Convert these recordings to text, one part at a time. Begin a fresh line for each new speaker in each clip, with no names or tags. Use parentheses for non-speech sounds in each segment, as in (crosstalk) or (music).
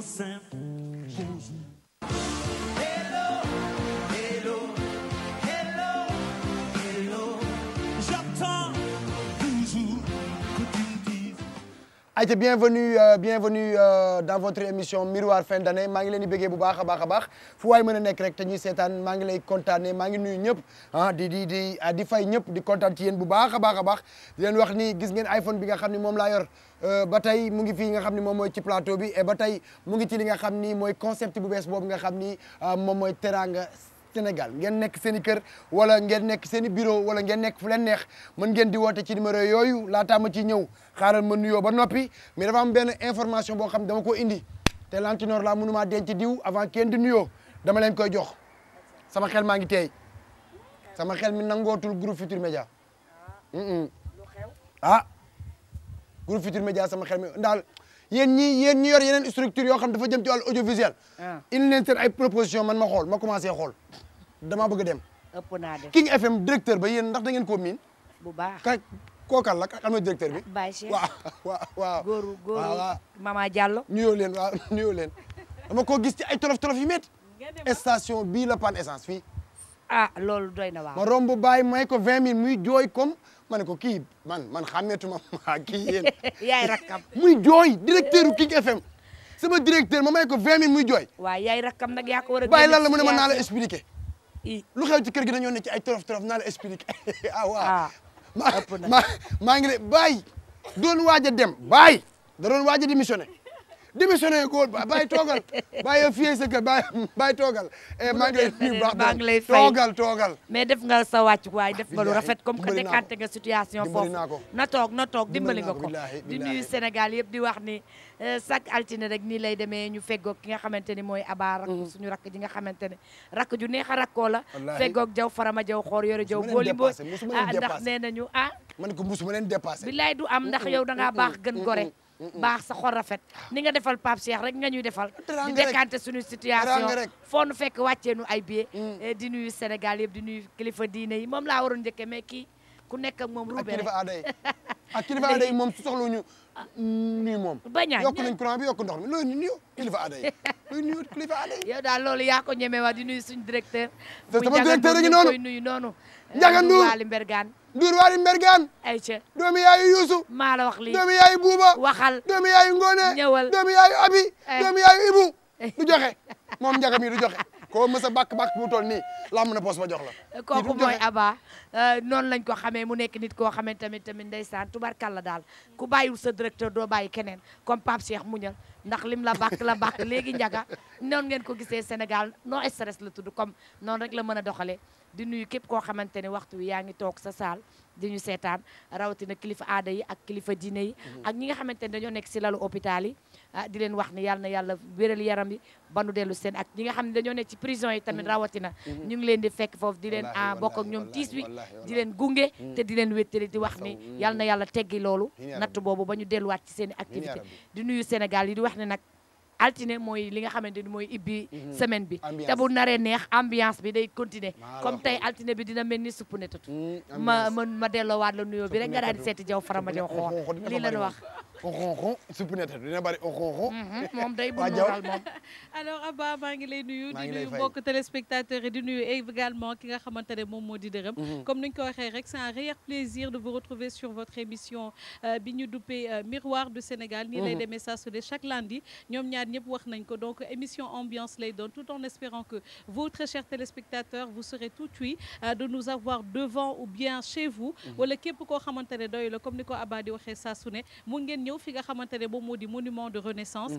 simple.
ayca bienvenue euh, bienvenue euh, dans votre émission miroir fin d'année maa ngi leen di bëggee bu baax a baax a baax fu waay mën a nekk rek te seetaan maa ngi lay kontaanee maa ngi nuyu ñëpp ah di di ah, di fay ñëpp di kontaan ci yéen bu baax a baax a baax di wax ni gis ngeen iPhone bi nga xam ne moom laa yor euh, ba tey mu ngi fii nga xam ni moom mooy ci plateau bi et ba tey mu ngi ci li nga xam ni mooy concept bu bees boobu nga xam ni ah, moom mooy teranga Sénégal ngeen nekk seen i kër wala ngeen nekk seen i bureau wala ngeen nekk fu leen neex mën ngeen di wote ci numéro yooyu laataa ma ciy ñëw xaaral ma nuyoo ba noppi mais dafa am benn information boo xam dama ko indi te lantinoor laa mënumaa denc diw avant kenn di nuyoo dama leen koy jox sama xel maa ngi teey sama xel mi nangootul groupe Futurs Médias ah groupe Futurs Médias sama xel mi daal yéen ñi yéen ñi yor yeneen structure yoo xam dafa jëm ci wàllu audiovisuel ah. il leen ay proposition man ma xool ma commencé xool damaa bëgg a dem naa def King FM directeur ba yéen ndax da ngeen koo miin bu baax ka kookal la kan mooy directeur bi Baye Cheikh waaw
waaw waaw góoru góoru
Mama Diallo nuyoo leen waaw (laughs) nuyoo leen dama koo gis ci ay tolof tolof yu métti station bii la pan essence fii
ah loolu doy na waaw ma romb
Baye may ko vingt mille muy jooy kom ma ne ko kii man man xàmmeetuma (laughs) maa kii yéen. (laughs) yaay rakkam muy jooy directeur King FM. sama directeur ma may ko 20 muy jooy.
waaw yaay rakkam nag yaa ko war a. lan la mu ne ma naa la
expliqué. lu xew ci kër gi dañoo ne ci ay torof torof naa la expliqué. (laughs) ah waaw ah. maa maa maa ngi ne bàyyi doon waaj a dem bàyyi da doon waaj a démissionné. démissionné góor ba bàyyi toogal bàyyi fiyee sa kër bàyyi bàyyi toogal. Eh, maa ngi lay nuyu baax maa ngi lay fay toogal
mais def nga sa wàccu waay def nga rafet comme que décanté nga situation foofu na toog na toog dimbali nga ko di nuyu Sénégal yëpp di wax ni eh, chaque altine rek nii lay demee ñu feggoog ki nga xamante ni mooy Aba rakk mm-hmm. suñu rakk ji nga xamante ne rakk ju neex a rakkoo la feggoog jaw farama jaw xoor yore jaw booli boo ah ndax nee nañu ah man ko musuma leen dépassé bilaay du am ndax yow da ngaa baax gën gore baax sa xol rafet ah. ni nga defal Pape Cheikh rek nga ñuy defal di décanté sunu
situation
foo nu fekk wàccee nu ay billet mm. eh, di nuyu Sénégal yëpp di nuy kilifa diine yi moom laa waroon njëkkee mais kii ku nekk moom roube rek (laughs) ak kilifa aada yi
ak kilifa aada yi moom su soxla ñu nuyu moom bañaa yokk yokk ndox mi loolu ñu nuyu kilifa aada yi loolu
nuyu daal loolu yaa ko ñemee waa di nuyu suñu directeur sama directeur a ngi noonu noonu Ndiaga Ndour Waly Mbergane
Ndour Waly Mbergane ayca doomi yaayu Youssou maa la wax lii doomi yaayu Bouba waxal doomi yaayu Ngone ñëwal doomi yaayu Abi eh. doomi yaayu Ibu eh. du joxe moom Ndiaga mi du joxe ko mës a bàkk bàkk bu toll nii lamb na poos jox la eh, kooku mooy Aba
noonu lañ ko xamee mu nekk nit koo xamee tamit tamit ndeysaan la daal ku bàyyiwul sa directeur doo bàyyi keneen comme Pape Cheikh Muñal ndax lim la bàkk la bàkk léegi Ndiaga noonu ngeen ko gisee Sénégal non stress la tudd comme noonu rek la mën a doxalee di nuyu képp koo xamante ne waxtu yaa ngi toog sa saal di ñu seetaan rawatina kilifa aada yi ak kilifa diine yi. Mhm. ak ñi nga xamante ne dañoo nekk si lalu hôpital yi. Ah, di leen wax ni yàlla na yàlla wéral yaram bi ba nu dellu seen ak ñi nga xam ne dañoo nekk ci prison yi tamit mhm. rawatina. Mhm. ñu ngi leen di fekk foofu di leen ah, bokk ak ñoom tiis
wi leen
gunge. te di leen wéttali di wax ni yàlla na yàlla teggi loolu. natt boobu ba ñu delluwaat ci seen i activité di nuyu Sénégal yi di wax ne nag. altine mooy li nga xamante ni mooy ibbi mhm. semaine bi te nare neex ambiance bi day continuer comme tey altine bi dina mel ni supp
ne tatu mm, ma
ma delloowaat la nuyoo bi rek nga daal di seeti jaw farama jaw xool (laughs) lii la ñu wax
oxooxo suppu ne dina bëri oxooxo mhm, moom day bu moral moom
(laughs) alors Abba
maa ngi lay nuyu di nuyu mbokk téléspectateurs yi di nuyu également ki nga xamante ne moom moo di dërëm mhm. comme niñ ko waxee rek c'est un réel plaisir de vous retrouver sur votre émission euh, bi ñu duppee euh, miroir du Sénégal nii lay mhm. demee saa su ne chaque lundi ñoom ñaar ñëpp wax nañ ko donc émission ambiance lay doon tout en espérant que vous très chers téléspectateurs vous serez tout cuit euh, de nous avoir devant ou bien chez vous wala képp koo xamante ne doy la comme ni ko Abba di waxee saa su ne mun ngeen ñëw monument de mhm. renaissance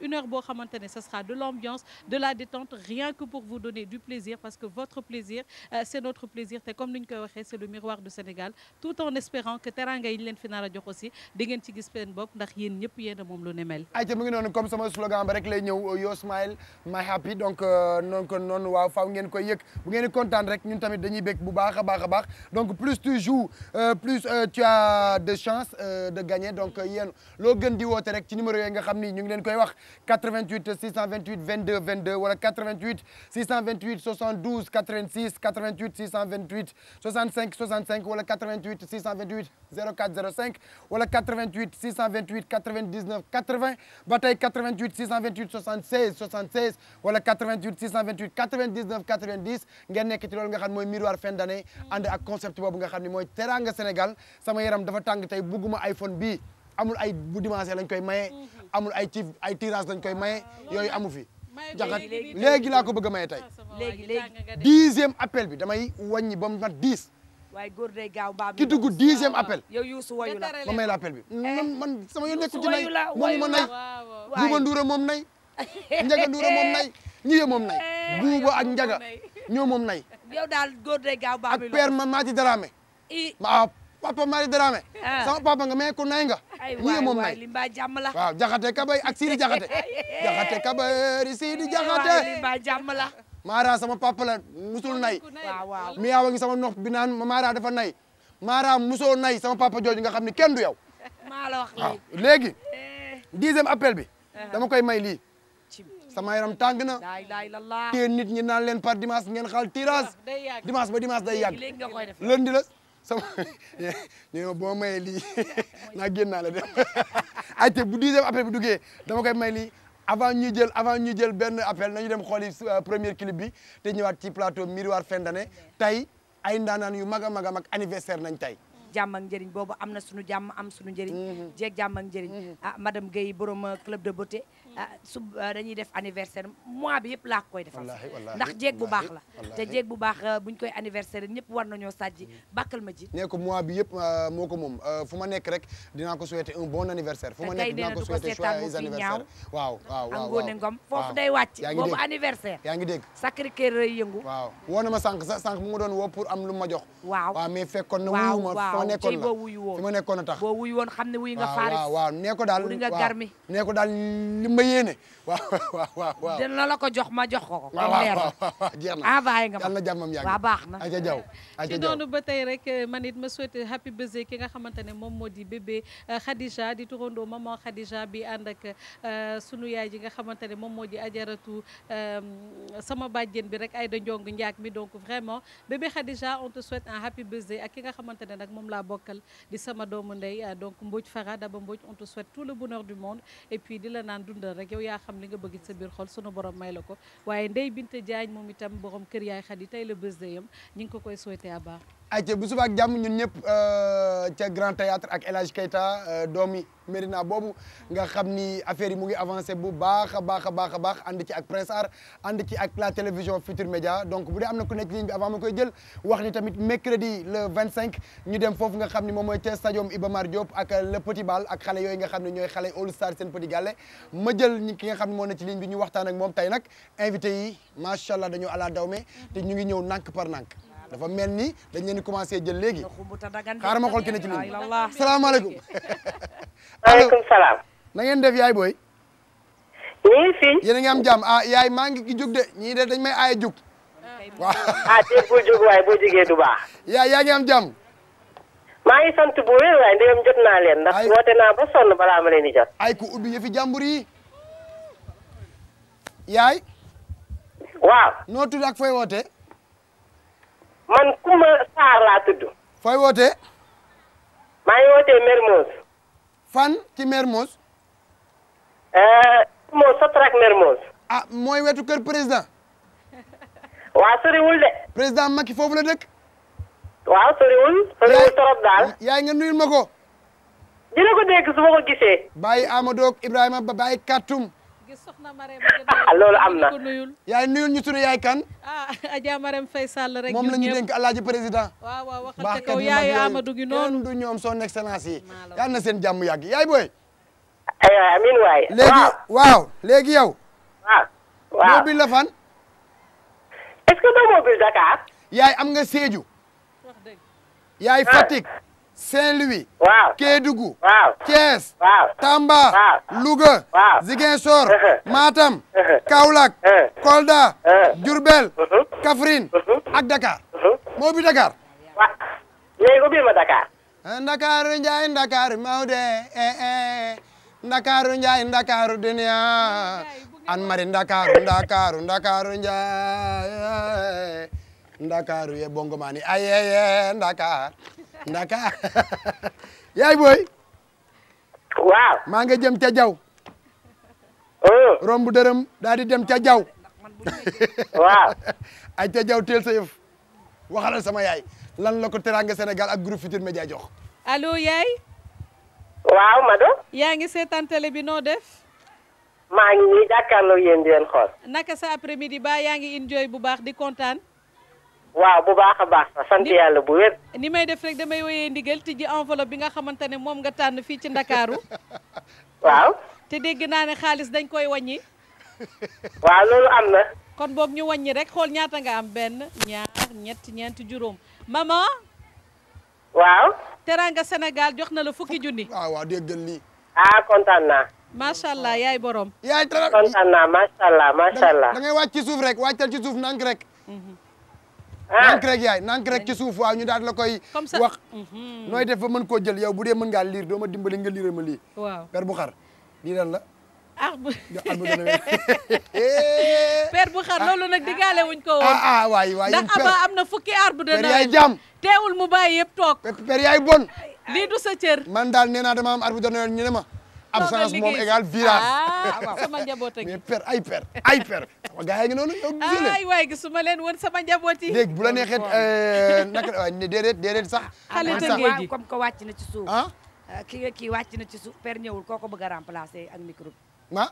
une heure boo xamante ce sera de l'ambiance de la détente rien que pour vous donner du plaisir parce que votre plaisir euh, c'est notre plaisir te comme ni ñu c'est le miroir du Sénégal tout en espérant que teranga yi ñu leen fi nar a jox aussi di ngeen ci gis seen bopp ndax yéen ñëpp yéen a moom lu
oh, my happy donc euh, noonu ko noonu waaw faaw ngeen a euh, de chance de gagner donc euh, yéen loo gën di woote rek ci numéro yooyu nga xam ni ñu ngi leen koy wax 88 628 22 22 wala 88 628 72 86 88 628 65 65 wala 88 628 04 05 wala 88 628 99 80 ba tey 88 628 76 76 wala 88 628 99 90 ngeen nekk ci loolu nga xam mooy miroir fin d'année mm. ànd ak concept boobu nga xam ni mooy teranga Sénégal sama yaram dafa tàng tey bugguma ay téléphone bii amul ay bu dimanche lañ koy maye. Mhm. amul ay ci ay tirage lañ koy maye ah, yooyu amu fi. jaxat léegi laa ko bëgg a maye tey.
Ah, léegi léegi dixième
appel bi damay waññi ba mu mat dix. waaye góor day gaaw baam ki dugg dixième ah, appel. yow Youssou wayu la ma may la appel bi. Eh. man man sama yoon nekku ci nay moom ma nay. buuba nduura moom nay. (laughs) njaga nduura moom nay. ñiye moom nay. Eh, buuba ak njaga ñoo moom nay. yow daal góor day gaaw baam ak père man maa ci daraame. ma papa Mari Dramé. Ah. sama papa nga mais ku nay nga. aywa moom nay li kabay ak Sidi jaxate. (laughs) Eh. jaxate kabay Sidi jaxate. li mbaa jàmm la. sama papa la musul nay. waaw waaw ngi sama nopp bi naan Mara defa nay. Mara musoo nay sama papa jooju nga xam ni kenn du yow. maa la wax eh. appel bi. Ah. dama koy may lii. sama yaram tàng na tey nit ñi naan leen par dimanche ngeen xal tirage ah, dimanche ba dimanche day yàgg lundi la sama (laughs) ñu ma boo mayee lii (laughs) (laughs) naa génnaale dem ay te bu dixième appel bi duggee dama koy may lii avant ñuy jël avant ñuy jël benn appel nañu dem xooli euh, premier clip bi te ñëwaat ci plateau miroir fin d'année tay ay ndaanaan yu mag a mag a mag anniversaire nañ tey
jàmm ak njëriñ boobu am na suñu jàmm am suñu njëriñ mm-hmm. jeeg jàmm ak njëriñ mm-hmm. ah madame Guèye borom euh, club de beauté Ah, su ah, dañuy def anniversaire mois bi yëpp laa koy defal
ndax jeeg bu baax la te jeeg bu
baax ah, buñ koy anniversaire ñëpp war nañoo sàjji mm.
bàkkal ma ji nee ko mois bi yëpp moo ko moom fu ma nekk rek dinaa ko souhaiter un bon anniversaire fu ma nekk dinaa ko souhaiter joyeux anniversaire waaw waaw waaw ngoone na ma sànq sax sànq a daal nee ba yéene (laughs) waaw waaw waaw. dina
la ko jox ma jox ko ko.
waaw waaw
waaw jeex na envoyé nga ma yàlla jàmmam baax na. ayca jaw ci doonu
ba tey rek euh, man it ma souhaité happy birthday ki nga xamante ne moom moo di bébé euh, Khadija di turandoo maman Khadija bi ànd euh, sunu yaay ji nga xamante ne moom moo di ajaratu sama bàjjen bi rek ay Aïda Ndiong Ndiak mi donc vraiment bébé Khadija on te souhaite un happy birthday ak ki nga xamante ne nag moom laa bokkal di sama doom ndey donc Mbodj Fara Daba Mbodj on te souhaite tout le bonheur du monde et puis di la naan dundal rek yow xam li nga bëgg sa biir xol sunu borom may la ko waaye Ndeye Binte Diagne moom itam borom kër yaay Xadi tey la bés de yam ñu ngi ko koy souhaité à baax
ayca bu suba ak ñu ñun ñëpp euh, ca Grand Théâtre ak El Hadj Keita euh, doomi Médina boobu nga xam ni affaire yi mu ngi avancé bu baax a baax a baax a baax ànd ci ak Prince Art ànd ci ak la télévision Futur Média donc bu dee am na ku nekk ligne bi avant ma koy jël wax ni tamit mercredi le 25 ñu dem foofu nga xam ni moom mooy ca stadium Iba Mar Diop ak le Petit Bal ak xale yooyu nga xam ne ñooy xale All Star seen Petit Gallé ma jël ñi ki nga xam ne moo ne ci ligne bi ñu waxtaanak ak moom tey nag invité yi macha allah dañoo ala dawme ñu ngi ñëw nànk par nànk dafa mel ni dañ leen di commencé jël léegi
xaaral ma xool ki ne ci ligne bi
salaamaaleykum. maaleykum (laughs) salaam. na ngeen def yaay booy. ñu fi. yéen a ngi am jàmm ah yaay maa ngi ki jug de ñii de dañ may aaya jug. (laughs) ah tey bul jug waaye boo jugee du baax. yaa yaa ngi am maa ngi sant bu wér waaye ndegam jot naa leen ndax woote naa ba sonn balaa ma leen di jot. ay ku ubbi yëfi jàmbur yi. yaay. waaw. noo tudd ak fooy wootee. man Kumba Sarr laa tudd. fooy wootee. maa ngi wootee Mermoz. fan ci Mermoz. Mermoz eh, Sotrac Mermoz. ah mooy wetu kër président. (laughs) waaw soriwul de. président Macky foofu la dëkk. waaw soriwul. soriwul torop daal. yaay nga nuyul ma ko. dina ko dégg su ma ko gisee. bàyyi Amadou ak Ibrahima ba bàyyi
ah
loolu am na. yaay nuyul ñu tuddee yaay kan.
ah Adja Marème rek. moom la ñu dénk alaaji président.
waaw waaw waxal ko yaayu Amadou gi noonu du ñoom son excellence yi. yal na seen jàmm yàgg yaay booy. aywa eh, amiin waay. léegi waaw léegi yow. waaw la fan. est-ce que doo mobile Dakar. yaay am nga Sédhiou. yaay ah. Fatick. Saint-Louis. waaw Kédougou. waaw Thiès. waaw Tamba. waaw Louga. (laughs) Eh. Matam. Eh. Kaolack. Eh. Kolda. Diourbel. Uhuh. Kaffrine. Uhuh. ak Dakar. Uhuh. moo Dakar. waaw léegi ubbil ma Dakar. Ndakar Ndiaye Ndakar Maodo Ndakar Ndiaye Ndakar Ndakar Ndakar Ndakar Ndakar ye bongo maani Ndakar. ndaka yaay booy. waaw. maa nga jëm ca jaw oh. romb dërëm daal di dem ca jaw waaw. ay ca jaw teel yëf waxalal sama yaay lan la ko teraanga Sénégal ak groupe Futurs Médias jox.
allo yaay. waaw Mado. yaa ngi seetaan télé noo def.
maa ngi nii jàkkaarloo yéen di
leen naka sa après midi ba yaa ngi enjoy bu baax di kontaan. waaw bu baax a baax sant yàlla bu wér. ni may def rek damay woyee ndigal tijji enveloppe bi nga xamante ne moom nga tànn fii ci Ndakaaru. (laughs) waaw. te dégg naa ne xaalis dañ koy wàññi. waaw loolu am na. kon boog ñu waññi rek xool ñaata nga am benn ñaar ñett ñeenti juróom maman. waaw. teranga Sénégal jox na la fukki junni. (laughs) waaw waaw
dégg lii. ah kontaan naa. macha allah yaay borom. yaay kontaan naa macha allah macha allah. da wàcc ci suuf rek wàccal ci suuf nank rek. Mhm. Ah. nank rek yaay nank rek ci suuf waaw ñu daal la koy wax
mhm. nooy def
ba mën koo jël yow bu dee mën ngaa liir doo ma dimbali nga liiral ma lii waaw per bu xar la ah (laughs) (laughs) eh. bu
per bu xar loolu nag diggaale wuñ ko woon ah, ah, waay waay ndax aba am na fukki arbre de Noël
yaay jàmm teewul mu bàyyi yëpp toog per yaay bon lii du sa cër man daal nee naa damaam am arbre de Noël ñu ma absence moom égal virage. ah per ay per ay per. sama gars yi ngi noonu yow gisee leen. ay waay woon sama njaboot yi. léegi bu la neexee euh, naka waay déedéet déedéet sax. xale tënkee comme
que wàcc na ci suuf. ah euh, kii kii wàcc na ci suuf per ñëwul koo ko bëgg a remplacer ak micro bi. ah.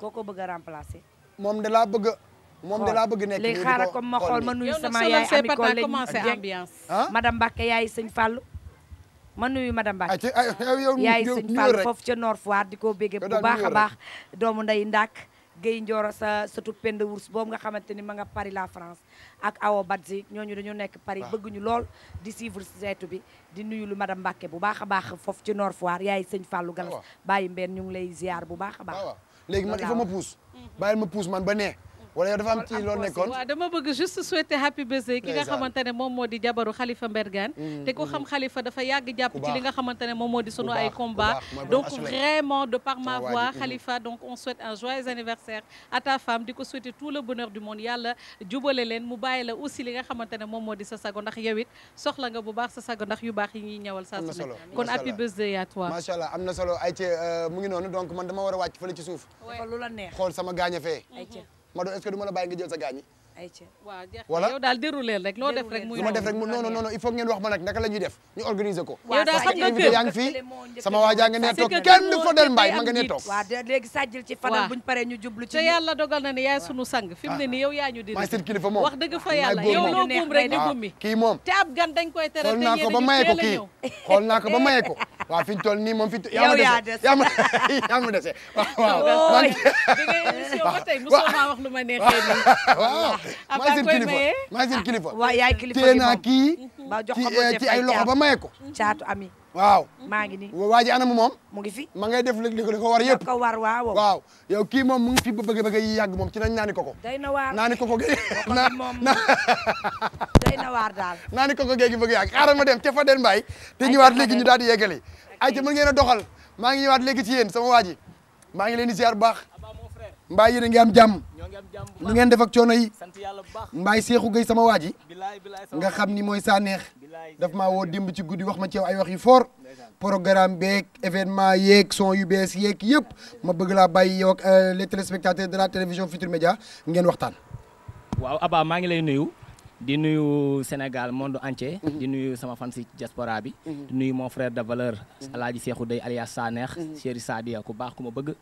koo ko bëgg a remplacer.
moom de laa bëgg a. moom de bëgg nekk léegi xaaral comme ma xool ma nuyu sama yaay
ambiance. Ah? madame Mbacke yaay sëñ Fallou. ma nuyu madame Mbacke yaay sëñ Fall foofu ca Nord Foire di ko béggee bu baax a baax doomu nday ndàkk Guèye Ndioro sa sëtu Penda Wurs boobu nga xamante ni ma nga Paris la France ak Awo Badji ñooñu dañoo nekk Paris ah. bëgguñu lool di suivre seetu bi di nuyu lu madame Mbacke bu baax a baax foofu ci Nord Foire yaay sëñ Fallou Galas bàyyi mbeen ñu ngi lay ziar bu baax a baax
léegi man il faut ma
puus bàyyi ma puus man ba nee wala dafa am ci loolu nekkoon waaw
dama bëgg juste souhaiter happy birthday ki nga xamante ne moom moo di jabaru Khalifa Mbergane mm, te ku xam xalifa mm. dafa yàgg jàpp ci li nga xamante ne moom moo di sunu ay combat donc vraiment de par ma voix Khalifa donc on souhaite un joyeux anniversaire à ta di ko souhaiter tout le bonheur du monde yàlla jubale leen mu bàyyi la aussi li nga xamante ne moom moo di sa sago ndax yow it soxla nga bu baax sa sago ndax yu baax yi ñuy ñëwal saa su ne kon happy
birthday à toi am na solo euh, mu ngi noonu donc man dama war a wàcc ci suuf xool sama gaaña fee ma est-ce que du ma la bàyyi nga jël sa ayca
waaw jeex yow daal déroulé rek loo def rek. muy lu ma def rek mu non non non il
faut ngeen wax ma nag naka la ñuy def ñu organiser ko. yow daal xam nga kër sama waa jaa nee toog kenn du Fodel Mbaye ma nga nee toog. waaw
léegi ci Fadel buñ paree ñu jublu ci. te yàlla dogal na
ne yaay sunu sang fi ne ah. nii yow yaa ñu. rek di bumi. Ah. kii moom te ab gan koy tere te ñeenti ñu teel a ñëw
xool naa ko ba maye fi ñu toll moom fi yaa (laughs) yaa ma dese waaw waaw man di nga émission ba
tey (laughs) (laughs) maa seen kilifa maa seen kilifa. Ah, waaw yaay kilifa naa
kii. ci mm-hmm. eh, ay loxo ma maye ko. Mm-hmm. caatu ami. waaw. maa ngi nii waa ji anam moom. mu ngi fi ma ngay def li ko war yëpp. ko war waaw. waaw yow kii moom mu ngi fi ba bëgg bëgg yi yàgg moom ci nañ naani koko. day na waar naani koko gi. (laughs) na na (laughs) day na waar daal. naani koko gi bëgg yàgg xaaral ma dem ca Fadel Mbaye. te ñëwaat léegi ñu daal di yeggali. ay ca mën ngeen a doxal maa ngi ñëwaat léegi ci yeen sama waa maa ngi leen di ziar bu baax mbaa yéen a ngi am jàmm lu ngeen def ak coono yi mbaay seexu gay sama waa ji nga xam ni mooy Saneex daf ma woo dimb ci guddi wax ma ci ay wax foor fort programme beeg événement yeeg son yu bees yeeg yëpp ma bëgg laa bàyyi yow ak euh, les téléspectateurs de la télévision Futur Média ngeen waxtaan.
waaw Aba maa ngi lay nuyu. di nuyu Sénégal monde entier. Mhm. di nuyu sama fan si diaspora bi. Mhm. di nuyu mon frère de valeur. Mhm. alaaji Seexu Dey alias Saneex. chéri Sadia ku baax ku ma bëgg.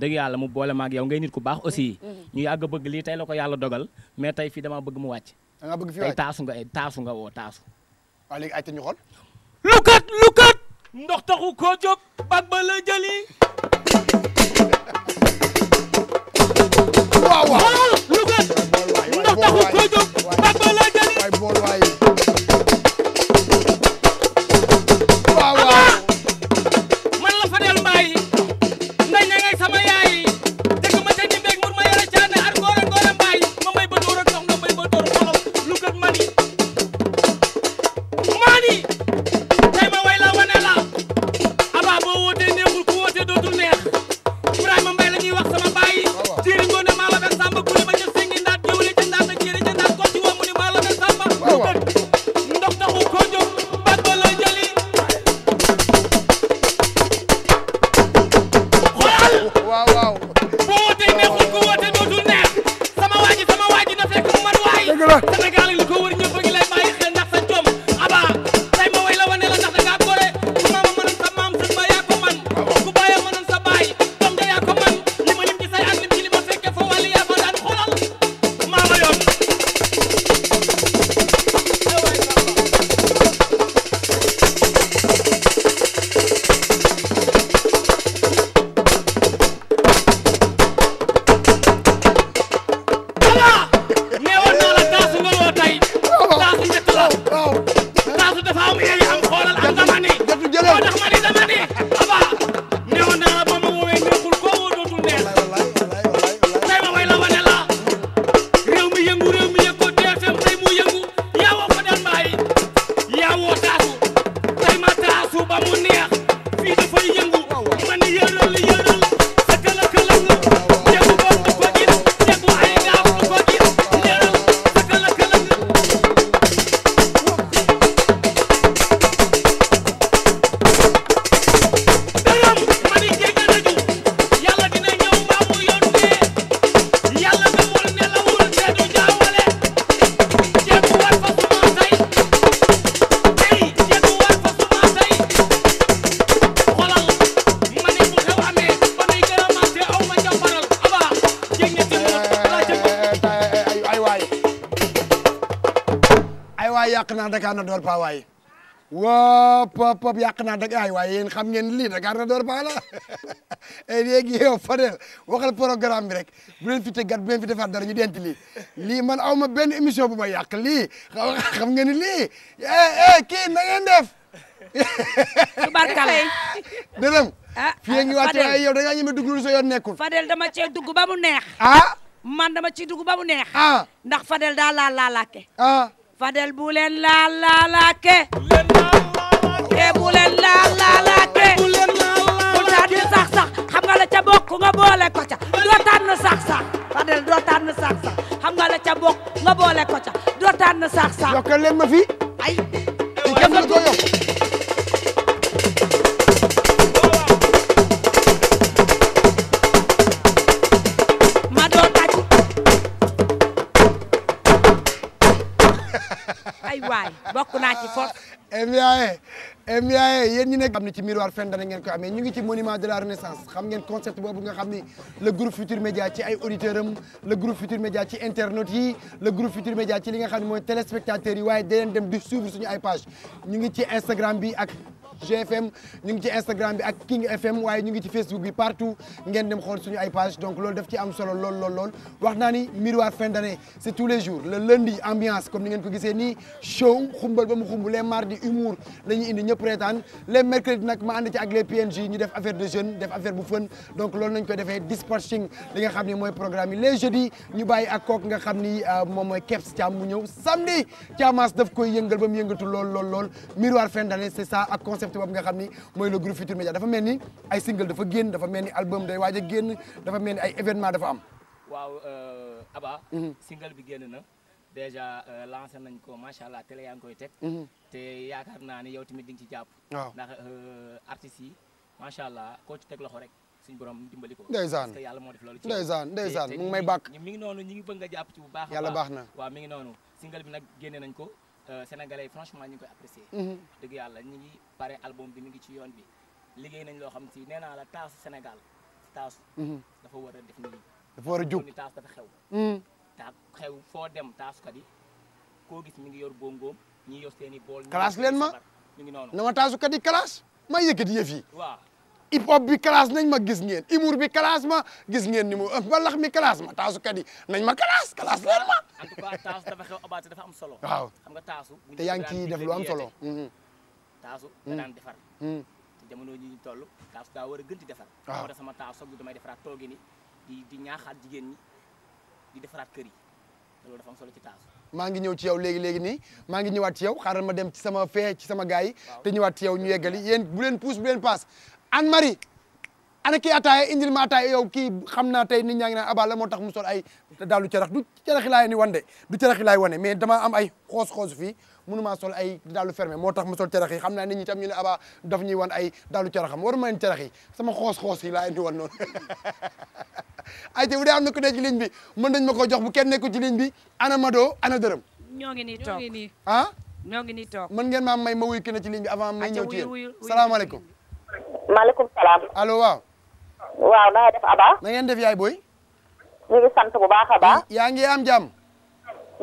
dëgg yàlla mu boole ma ak yow ngay nit ku baax aussi. ñu yàgg bëgg lii tey la ko yàlla dogal mais tey fii dama bëgg mu wàcc.
da nga bëgg fi tey taasu
nga eh, taasu nga woo taasu.
waaw léegi ay ndox taxu ko jóg. bag
ba la jëli. (laughs)
taxu ko jóg Bamba la jëli
naa Dakar na door paa waaye woo pop pop yàq naa Dakar ay waaye yéen xam ngeen lii Dakar na door paa la (laughs) eh, léegi yow Fadel waxal programme bi rek bu leen fi tëggat bu leen fi defaat dara ñu dent lii lii man aw ma benn émission bu ma yàq lii xam ngeen ni lii eh, eh kii na ngeen def. (laughs) tubarkalla (laughs) dërëm.
ah fii ngi wàcce waaye yow da ngaa ñeme dugg sa yoon nekkul. Fadel dama cee dugg ba mu neex. ah man dama ciy dugg ba mu neex. ah ndax Fadel daa laa laalaake. ah. Fadel bu leen laal laalaake te bu leen laal laalaake bu tànn sax sax xam nga la ca bokk nga boole ko ca doo tànn sax Fadel doo tànn sax sax nga la ca bokk nga boole ko ca doo tànn sax sax yokkal ma fi ay kenn ko yokk
ay waay
bokk naa ci fort MIAE MIAE yéen ñi nekk ne ci miroir fen dana ngeen koy ñu ngi ci monument de la renaissance xam ngeen concept boobu nga xam ni le groupe Futur Média ci ay auditeurs am le groupe Futur Média ci internautes yi le groupe Futur Média ci li nga xam ne mooy téléspectateurs yi waaye da leen dem di suivre ñu ay page ñu ngi ci Instagram bi ak GFM ñu ngi ci Instagram bi ak King FM waaye ñu ngi ci Facebook bi partout ngeen dem xool suñu ay donc loolu daf ci am solo lool lool lool wax naa ni miroir fin d'année c'est tous les jours le lundi ambiance comme ni ko gisee show xumbal ba mu xumb les mardi humour la indi ñëpp reetaan les mercredi nag ma ànd ci ak les PNJ def affaire de jeunes def affaire bu fun donc loolu nañ ko defee dispatching li nga xam ne mooy programme yi les jeudis ñu bàyyi ak kook ni euh, ba lool lool lool concept boobu nga xam ni mooy le groupe Futur Média dafa mel génn dafa mel ni album day waaj a génn dafa mel ni ay événement dafa am.
waaw
euh, Aba. Mhm. single bi génn na. déjà euh, lancé nañ ko macha allah télé koy teg. Mhm. te yaakaar naa ni yow tamit di nga ci jàpp. waaw ndax euh, artistes yi macha allah koo ci teg loxo rek suñu borom dimbali ko. ndeysaan parce que yàlla moo may bàkk. mi ngi noonu ñi ngi nga jàpp ci bu baax. yàlla baax na waaw mi ngi noonu single bi nag génne nañ ko. Euh, sénégalais yi franchement ñu ngi koy apprécier mhm. dëgg yàlla ñu ngi pare album bi mi ngi ci yoon bi liggéey nañ loo xam si nee naa la taasu Sénégal taasu mhm. dafa war a def nii dafa war a jub ni taas dafa xew mhm. taa xew foo dem taasukat yi koo gis mi ngi yor bongoom ñi yor seen i bool classe leen ma ñu ngi
noonu ma taasukat yi classe maa yëkkati yëf yi waaw hip bi classe nañ ma gis ngeen humour bi classe ma gis ngeen ni mu mbalax mi classe ma taasukat yi nañ ma classe classe leen ma. en tout cas
taasu dafa am solo. waaw xam nga taasu. te yaa ngi ciy def lu am solo. Mm-hmm. taasu da daan defar. Mm-hmm. te jamono ji toll taasu daa war gën di defar. waaw moo sama taasu soog damay defaraat toogi ñaaxaat jigéen ñi di defaraat kër yi te loolu solo ci taasu.
maa ngi ñëw ci yow léegi léegi nii maa ngi ñëwaat ci yow xaaral ma dem ci sama fee ci sama gars yi. te ñëwaat ci yow ñu yeggali yéen bu leen pousse bu leen passe Anne Marie ana kii ataaya indil ma ataaya yow kii xam naa tey nit ñaa ngi naan abal la moo tax mu sol ay daalu carax du caraxi laay ni wande du caraxi laay wane mais dama am ay xoos-xoos fii mënumaa sol ay daalu fermé moo tax mu sol carax yi xam naa nit ñi tam ñu ne aba daf ñuy wan ay daalu caraxam waru ma leen carax yi sama xoos-xoos yi laa leen di wan noonu (laughs) ay te bu am na ku nekk ci ligne bi mën nañ ma ko jox bu kenn nekku ci ligne bi ana madoo ana dërëm
ñoo ngi nii toog ah ngi nii
toog mën ngeen maa may ma wuy ki na ci ligne bi avant may ñëw ci yéen maaleykum salaam. allo waaw. waaw na nga def Aba. na ngeen def yaay booy. ñu ngi sant bu baax a baax. yaa ngi am jam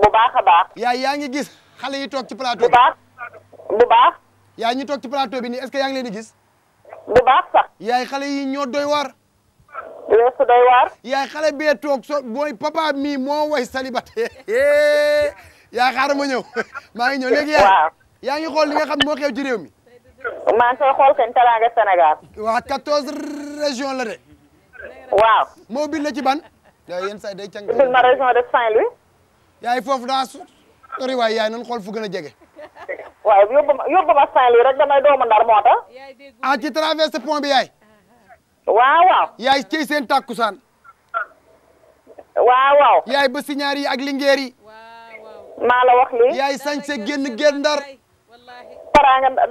bu baax a baax. yaay yaa ngi gis xale yi toog ci plateau bi. bu baax yaay ñi toog ci plateau bi nii est-ce que yaa leen di gis. bu baax sax. yaay xale yi ñoo doy waar. weesu yaay xale bee toog so booy papa mi moo way salibate yaa xaar moo ñëw (laughs) maa ngi ñëw léegi yaay. yaa ngi xool li nga xam moo xew ci réew mi. maa ngi koy xool kañ Teraanga Sénégal. waa quatorze région la de. waaw. moo bind la ci ban. yow yenn saa day càng. bind ma région de Saint-Louis. yaay foofu daa sori waay yaay nan xool fu gën a jege. waaye yóbbu ma yóbbu ma Saint-Louis doomu ndar moo tax. ah ci yaay. waaw waaw. yaay ci seen takkusaan. waaw waaw. yaay ba siñaar ak lingeer maa la wax lii. yaay sañse génn génn ndar. paraanga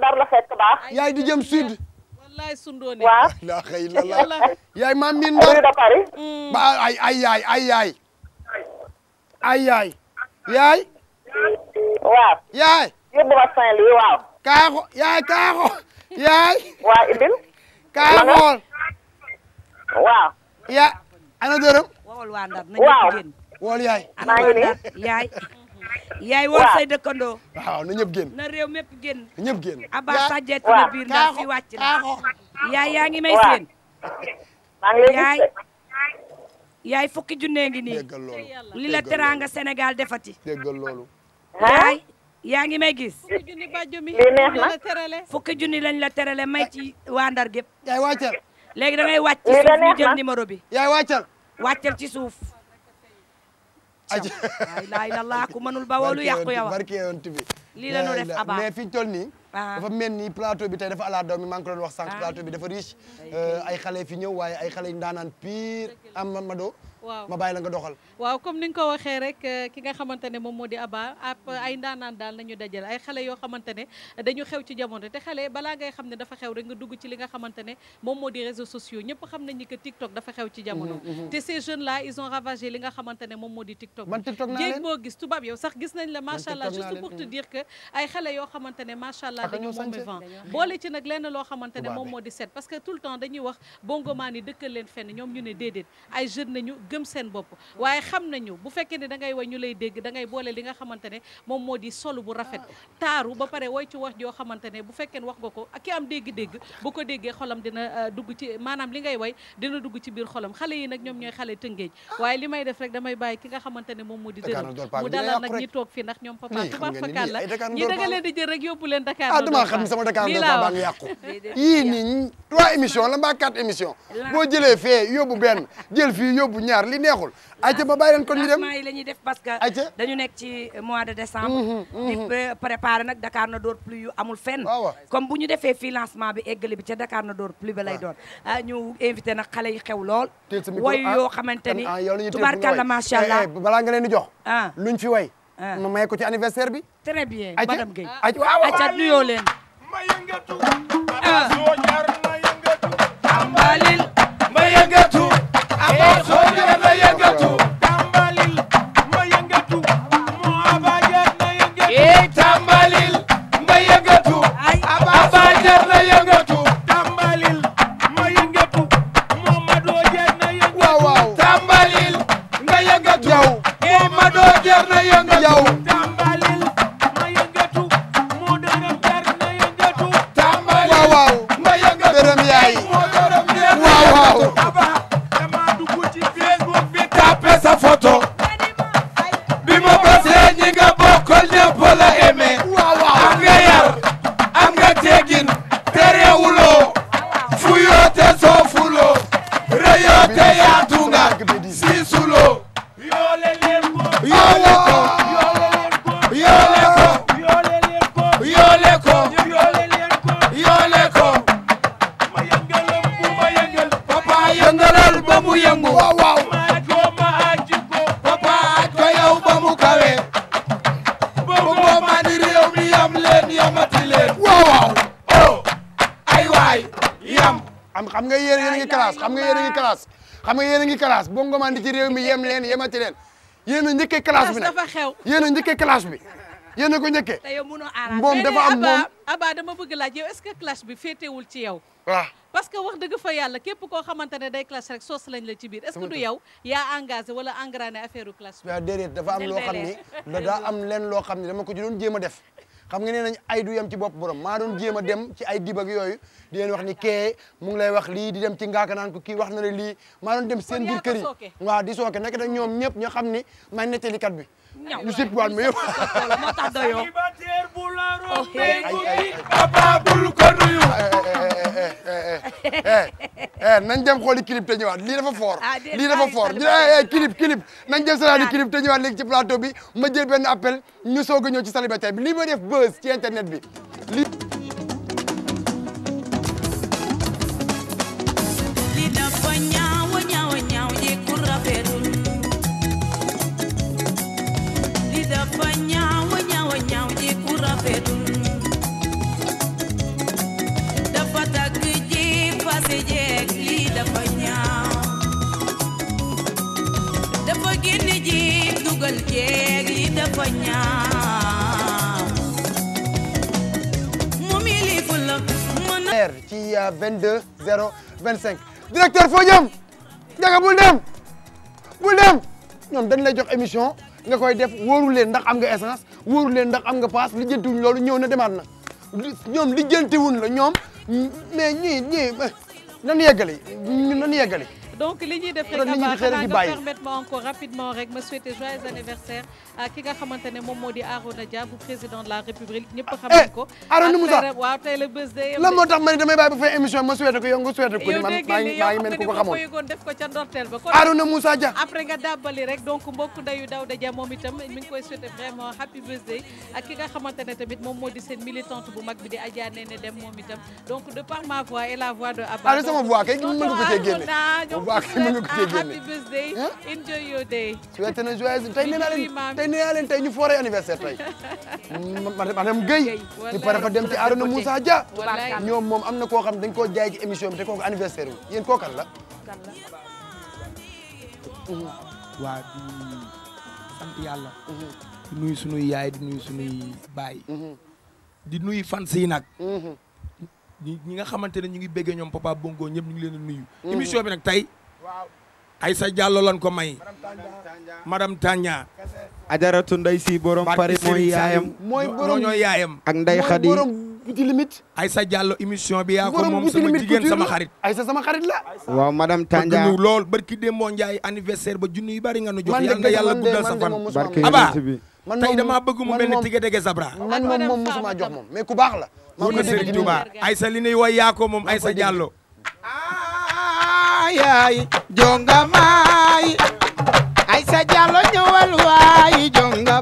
yaay di jëm sud.
wallaay sundoone. la xëy la
la yaay maam miin Ndar mm. ba ay ay yaay ay yaay. ay yaay. yaay. waaw. yaay. yóbbu ma Saint-Louis waaw. kaaxo yaay kaaxo. yaay. waa Idil. kaaxool. waaw. yaa
yaay. yaay. yaay woo say dëkkandoo. na ñëpp génn. na réew mépp génn. na ñëpp génn. Abba sàjjeet na biir ndax fi wàcc na. yaay yaa ngi may seen. yaay yaay fukki junne ngi nii. li la teraanga Sénégal defati. déggal loolu. yaay yaa ngi may gis. fukki
junni bàjjo mi lañ
la fukki junni lañ la terale may ci waa Ndar gépp. yaay wàccal. léegi da ngay wàcc ci suuf ñu jël bi. yaay wàccal. wàccal ci suuf.
cam laa la laa ku mënul ba wolu yàqu yow barke yoon bi lii la ñu def aba mais fi ñu toll nii ah. dafa mel ni plateau bi tey dafa àla doom mi maa ngi ko doon wax sànq ah. plateau bi dafa riche euh, ay xale fi ñëw waaye ay xale yu ndaanaan pire am Mado waaw ma bàyyi la nga doxal
waaw comme ni nga ko waxee rek euh, ki nga xamante ne moom moo di Abba ab euh, ay ndaanaan daal ñu dajal ay xale yoo xamante ne dañu xew ci jamono te xale balaa ngay xam ne dafa xew rek nga dugg ci li nga xamante ne moom moo di réseaux sociaux ñëpp xam nañ ni que TikTok dafa xew ci jamono mhm, mhm. te ces jeunes là ils ont ravagé li nga xamante ne moom moo di TikTok man TikTok naa leen jéeg boo gis tubaab yow sax gis nañ la machallah juste pour te mhm. dire que ay xale yoo xamante ne machallah dañu loo xamante ne moom moo que tout le temps dañuy wax bongomaan yi dëkkal ñu ne déedéet ay jeunes nañu gëm seen bopp waaye xam nañu bu fekkee ne da ngay way ñu lay dégg da ngay boole li nga xamante moom moo di solu bu rafet taaru ba pare way ci wax joo xamante bu fekkee wax nga ko ki am dégg-dégg bu ko déggee xolam dina euh, dugg ci maanaam li ngay way dina dugg ci biir xolam xale yi nag ñoom ñooy xale tëngeej waaye li may def rek damay bàyyi ki nga xamante ne moom moo di dërëm mu dalal nag ñi toog fii ndax ñoom papa tubaab fakal la ñi da nga leen di jël rek
yóbbu yaakaar li neexul. ayca ba bàyyi leen kon
ñu def parce que. dañu nekk ci mois de décembre. Mm-hmm, mm-hmm. di préparer nag Dakar na door plus yu amul fenn. Ah comme bu ñu defee fii lancement bi eggale bi ca Dakar na door plus ba lay doon. Ah, ñu invité nag xale yi xew lool. way ah. yoo xamante ni tubaarkàlla macha allah
balaa nga leen di jox. luñ fi way. ma may ko ci anniversaire bi.
très bien madame a
ayca nuyoo leen. ma yëngatu.
classe boo ngomandi ci réew mi yem leen yemati leen yéen a njëkkee classe bi nag yéen a njëkkee classe bi yéen ko njëkkee. te dafa am moom
Aba dama bëgg laaj yow est-ce que classe bi féetewul ci yow. waaw parce que wax dëgg fa yàlla képp koo xamante ne day classe rek soos lañ la ci biir est-ce que du yow yaa engagé wala engrané affaire classe
bi. waaw déedéet dafa am loo xam ni dafa am leen loo xam ni dama ko ci doon jéem a def xam nga nee nañ ay du yem ci bopp borom maa doon jéem a dem ci ay dib ak yooyu di leen wax ni kee mu ngi lay wax lii di dem ci ngaaka naan ko kii wax na la lii maa doon dem seen biir kër yi waaw di sooke nekk da ñoom ñëpp ñu xam ni may nettalikat bi ñu sip waat ma yëpp moo tax doyoo bateer bu la rombe guddi bul ko nuyu Eh, eh, nañ dem xooli clip te ñëwaat lii dafa fort ah, lii dafa fort eh, eh clip clip nañ dem salaat di clip te ñëwaat léegi ci plateau bi ma jël benn appel ñu soog a ñëw ci célibataire bi lii ma def buzz ci internet bi jeeg yi dafa ñaaw moom yilifu la mën a ci 22 0 25 directeur foo jëm jaga bul dem bul dem ñoom dañ lay jox émission nga koy def wóoru leen ndax am nga essence wóoru leen ndax am nga paas lijjantiwuñ loolu ñëw na demaat na ñoom lijjantiwuñ la ñoom mais ñii ñii nan yeggale nan yeggale
donc li ñuy def rek abaa xanaa nga permettre ma ma souhaiter joyeux anniversaire à nga xamante ne moom moo di Arona Dia bu président de la République ñëpp xam nañ ko eh, Arona Moussa waaw ne damay bàyyi ba après nga dàbbali rek donc mbokk ndeyu Daouda Dia moom itam mi koy souhaiter vraiment happy birthday ak ki nga xamante tamit moom moo di seen militante bu mag bi di Adja Néné Dem moom donc de par ma voix et la voix de Abba sama voix kay mën nga ko cee génne baax kii mën nga ko cee génne. happy
birthday enjoy your day. souhaité leen tey nee naa leen tey ñu fooree anniversaire tey. (laughs) madame pare fa dem ci Arouna Moussa Dia. ñoom moom am na koo xam dañ koo jaay ci émission bi te kooku anniversaire wu
yéen koo kan di sant mhm. sunuy yaay di nuyu sunuy baay. Mhm. di nuyu fans yi nag. Mhm. ñi nga xamante ne ñu ngi béggee ñoom Papa Bongo ñëpp ñu ngi leen di nuyu. émission bi nag tey. ay sa jàllo lan ko may madame Tania ajaratu nday si borom pare mooy yaayam mooy borom ñooy yaayam ak nday xadi buti limite ay sa jàllo émission bi yaa ko moom sama jigéen sama xarit
ay sa sama xarit la waaw madame Tania ñu
lool barki démboo Njaay anniversaire ba junni yi bari nga nu jox yal na yàlla guddal sa fan aba tey damaa bëgg mu benn tige dege zabra man moom moom
mosuma jox moom
mais ku baax la
wuna Serigne Touba ay sa li nuy way yaa ko moom ay sa jàllo
yaay jonga ay sa jàllo waay jonga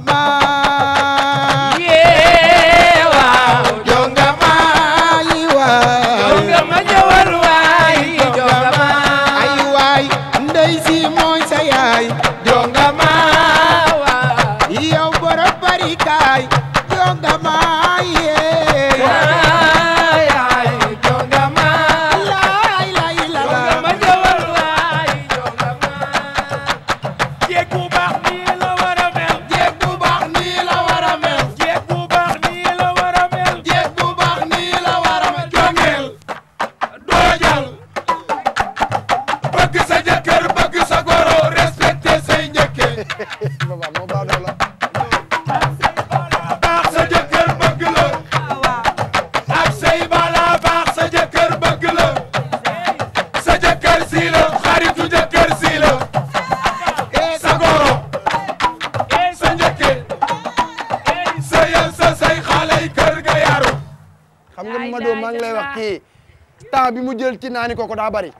bi mu jël ci naani kooku daa bari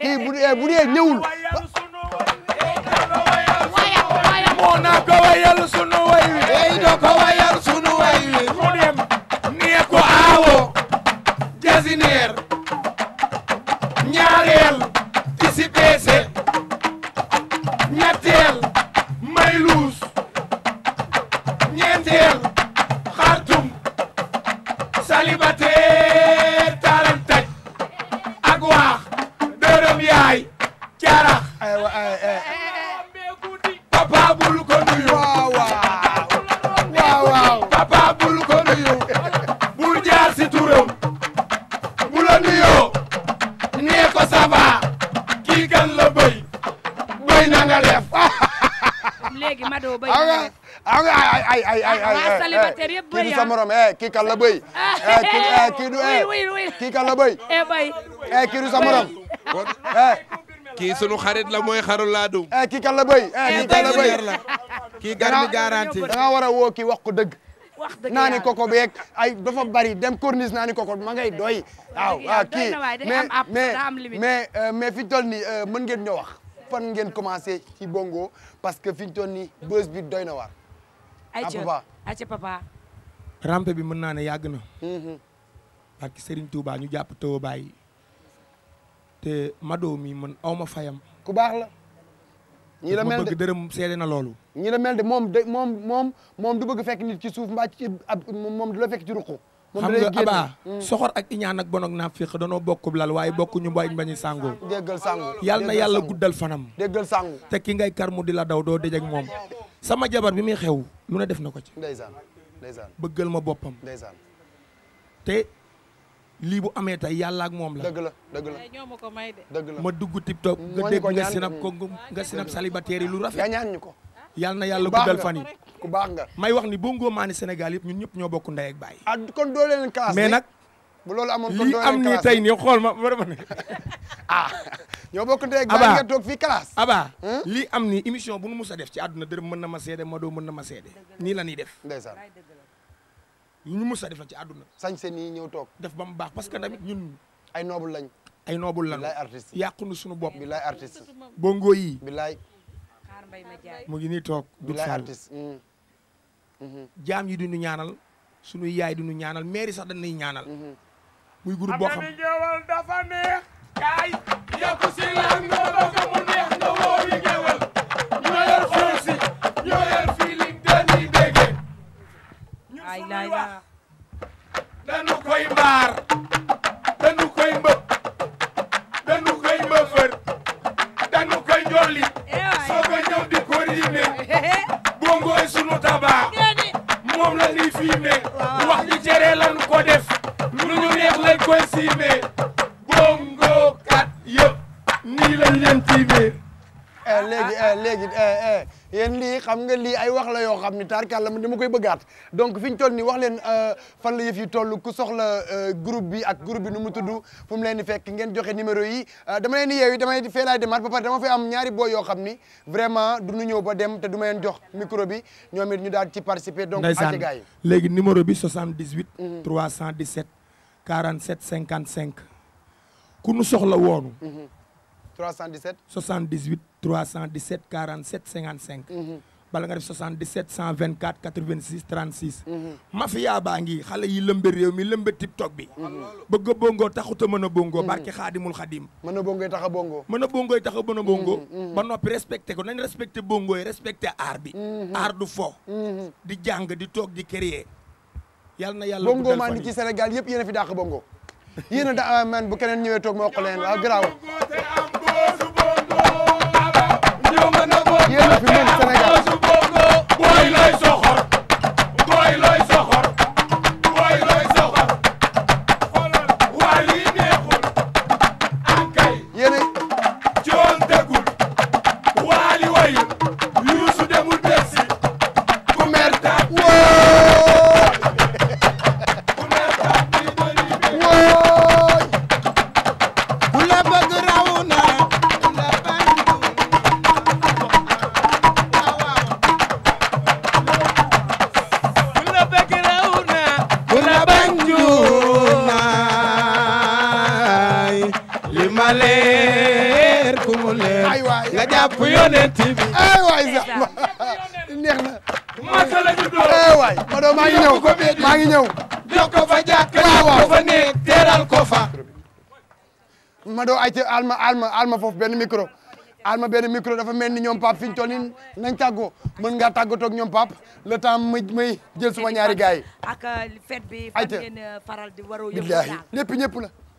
kii bu dee bu dee ñëwul wayal sunu way wi doo ko way
morom kii kan la bëy. eh kii eh kii
eh. kii sunu xarit la mooy xaru laadum. eh kii la bëy. Eh, kii kan la bëy kii garanti. da
nga war a woo kii wax ko dëgg. wax dëgg naa ne koko beeg ay dafa bari dem corniche naa ne koko ma ngay doy. waaw waaw ah, kii mais mais mais euh, mais fi ñu euh, mën ngeen ñoo wax. fan ngeen commencé ci bongo parce que fi ñu nii bës bi doy na waar. ayca papa.
rampe bi mën naa ne yàgg na. parce mm-hmm. que Serigne Touba ñu jàpp baay bàyyi te Mado mi man aw ma fayam. ku baax la. ñi la mel de bëgg dërëm seede na loolu.
ñi la mel de moom de moom moom moom du bëgg fekk nit ci suuf mbaa ci ab moom du la fekk ci ruqu.
xam nga abaa mm. soxor ak iñaan ak bon naa naaf fiq danoo bokkub lal waaye bokkuñu mbañ bañu sàngoo déggal sàngu yàlla na yàlla guddal fanam déggal sàngu te ki ngay kar mu di la daw doo dëj ak moom sama jabar bi muy xew lu ne def na ko ci ndeysaan bëggal ma boppam te lii bu amee tey yàlla ak moom la. la dëgg la
ñoom ko may de.
dëgg la ma dugg tip top. nga dégg nga sinap ko nga sinap célibataire yi lu rafet. nga ñaan ñu ko. yal na yàlla guddal fan yi ku baax nga. may wax ni boo bongo maani Sénégal yëpp ñun ñëpp ñoo bokk ndey ak baay.
ah bu loolu amoon am nii tey
nii xool ma ma ne (laughs) ah.
bokk ndey ak nga toog
Aba lii am ni émission bu nu mus a def ci àdduna dërëm mën na ma seede Mado mën na ma seede. nii la ñuy def. ndeysaan lu ñu mus a def la ci àdduna. sañ seen yi ñëw toog. def ba mu baax parce que tamit ñun. ay noobul lañ. ay noobul lañ bilaay artiste yàqunu suñu bopp. bilaay artiste bongo yi. bilaay. mu ngi nii toog. bilaay artiste mm. mm-hmm. jaam yi duñu ñaanal. sunu yaay duñu ñaanal mairie sax dañu ñaanal. Mm-hmm. muy groupe boo xam ne
géwal dafa neex kaay mu neex nga woowi géwal ñoo yor xool si ñoo yor feeling mbaar dañu koy mbëpp mbëfër dañu koy eh, soo ko ñëw di ko riime (laughs) eh, eh. bongooy moom la ñuy ah. wax ji cere lañu koy siimee bongokat yëpp nii lañ leen tiimee.
Eh, léegi eh, léegi eh, yéen lii xam nga lii ay wax la yoo xam ni tarkalla ma dama koy bëggaat donc fi ñu toll nii wax leen euh, fan la yëf yi toll ku soxla euh, groupe bi ak groupe bi nu mu tudd fu mu leen di fekk ngeen joxe numéro yi euh, dama leen di yeewi damay fee demaat ba pare dama fay am ñaari booy yoo xam ni vraiment du ñu ñëw ba dem te du ma leen jox micro bi ñoom it ñu daal ci participer donc. ndeysaan
léegi numéro bi 78. 317. Mhm. 47 55 ku nu soxla woonu. 317. 78 317 47 55. bala nga def 77 124 86 36. mafia baa ngi xale yi lëmbe réew mi lëmbe TikTok bi. Mhm. bëgg a bongo taxut a mën a bongo. Mhm. barke xaadimul xadim. mën a bongoy tax a bongo. mën a bongoy tax a mën a bongo. Mhm. ba noppi respecté ko nañ respecté bongo yi respecté aar bi. aar du fo. di jàng di toog di créer. yàlla na yàlla bongo
maa ngi ci Sénégal yëpp yéen a fi dàq bongo yéen a da ah, man bu keneen ñëwee toog ma wax ko leen waaw ah, garaaw
yéen a fi mën li ma leer ku mu leer nga jàpp yonent bi ay waay
sax
neex na masa la juddoo ay ma doo maa ngi ñëw maa ngi fa jàkk jox fa néeg teeral ko fa ma doo ay alma alma foofu benn micro alma benn micro dafa mel ni ñoom Pape fi ñu toll nii nañ tàggoo mën ngaa tàggatoo ak ñoom Pape jël suma ñaari gars yi.
ak euh, fête bi euh,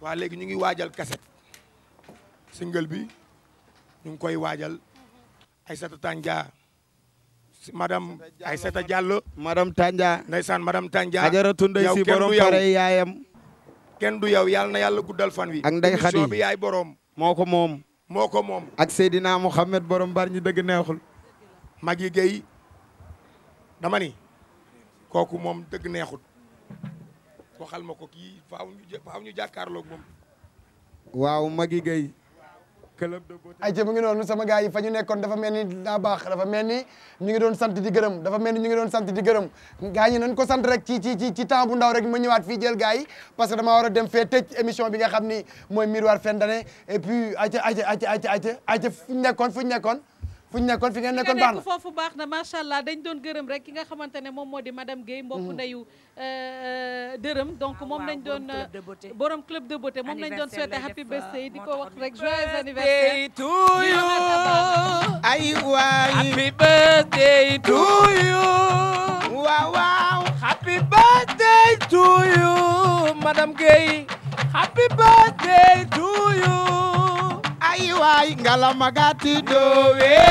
la. ñu ngi waajal kaset. single bi ñu ngi koy waajal Aïssata Tandia madame Aïssata Diallo madame Tandia ndeysaan madame Tandia ajaratu ndey si borom pare yaayam kenn du yow yàlla na yàlla guddal fan wi ak ndey xadi bi yaay borom moo ko moom moo ko moom ak Seydina Mouhamed bar ñi dëgg neexul mag yi géy ni kooku moom dëgg neexul waxal ma ko kii faaw ñu faaw ñu moom waaw magi géy
club de beauté mu ngi noonu sama gars yi fa ñu nekkoon dafa mel ni daa baax dafa mel ni ñu ngi doon sant di gërëm dafa mel ni ñu ngi doon sant di gërëm gars yi nañ ko sant rek ci ci ci ci temps bu ndaw rek ma ñëwaat fii jël gars yi parce que dama war a dem fee tëj émission bi nga xam ni mooy miroir fin d'année et puis ayca ayca ayca ayca ayca ayca fu ñu nekkoon fu ñu nekkoon fu ñu nekkoon fi ngeen nekkoon baax na
foofu baax na macha allah dañ doon gërëm rek ki nga xamante ne moom moo di madame Guèye mbokku mm. ndeyu euh, euh, dërëm donc ah, moom lañ doon borom club de beauté moom lañ doon souhaité happy birthday di euh, ko wax rek joyeux anniversaire to you happy
birthday to you waaw ngalama gàtti
doowe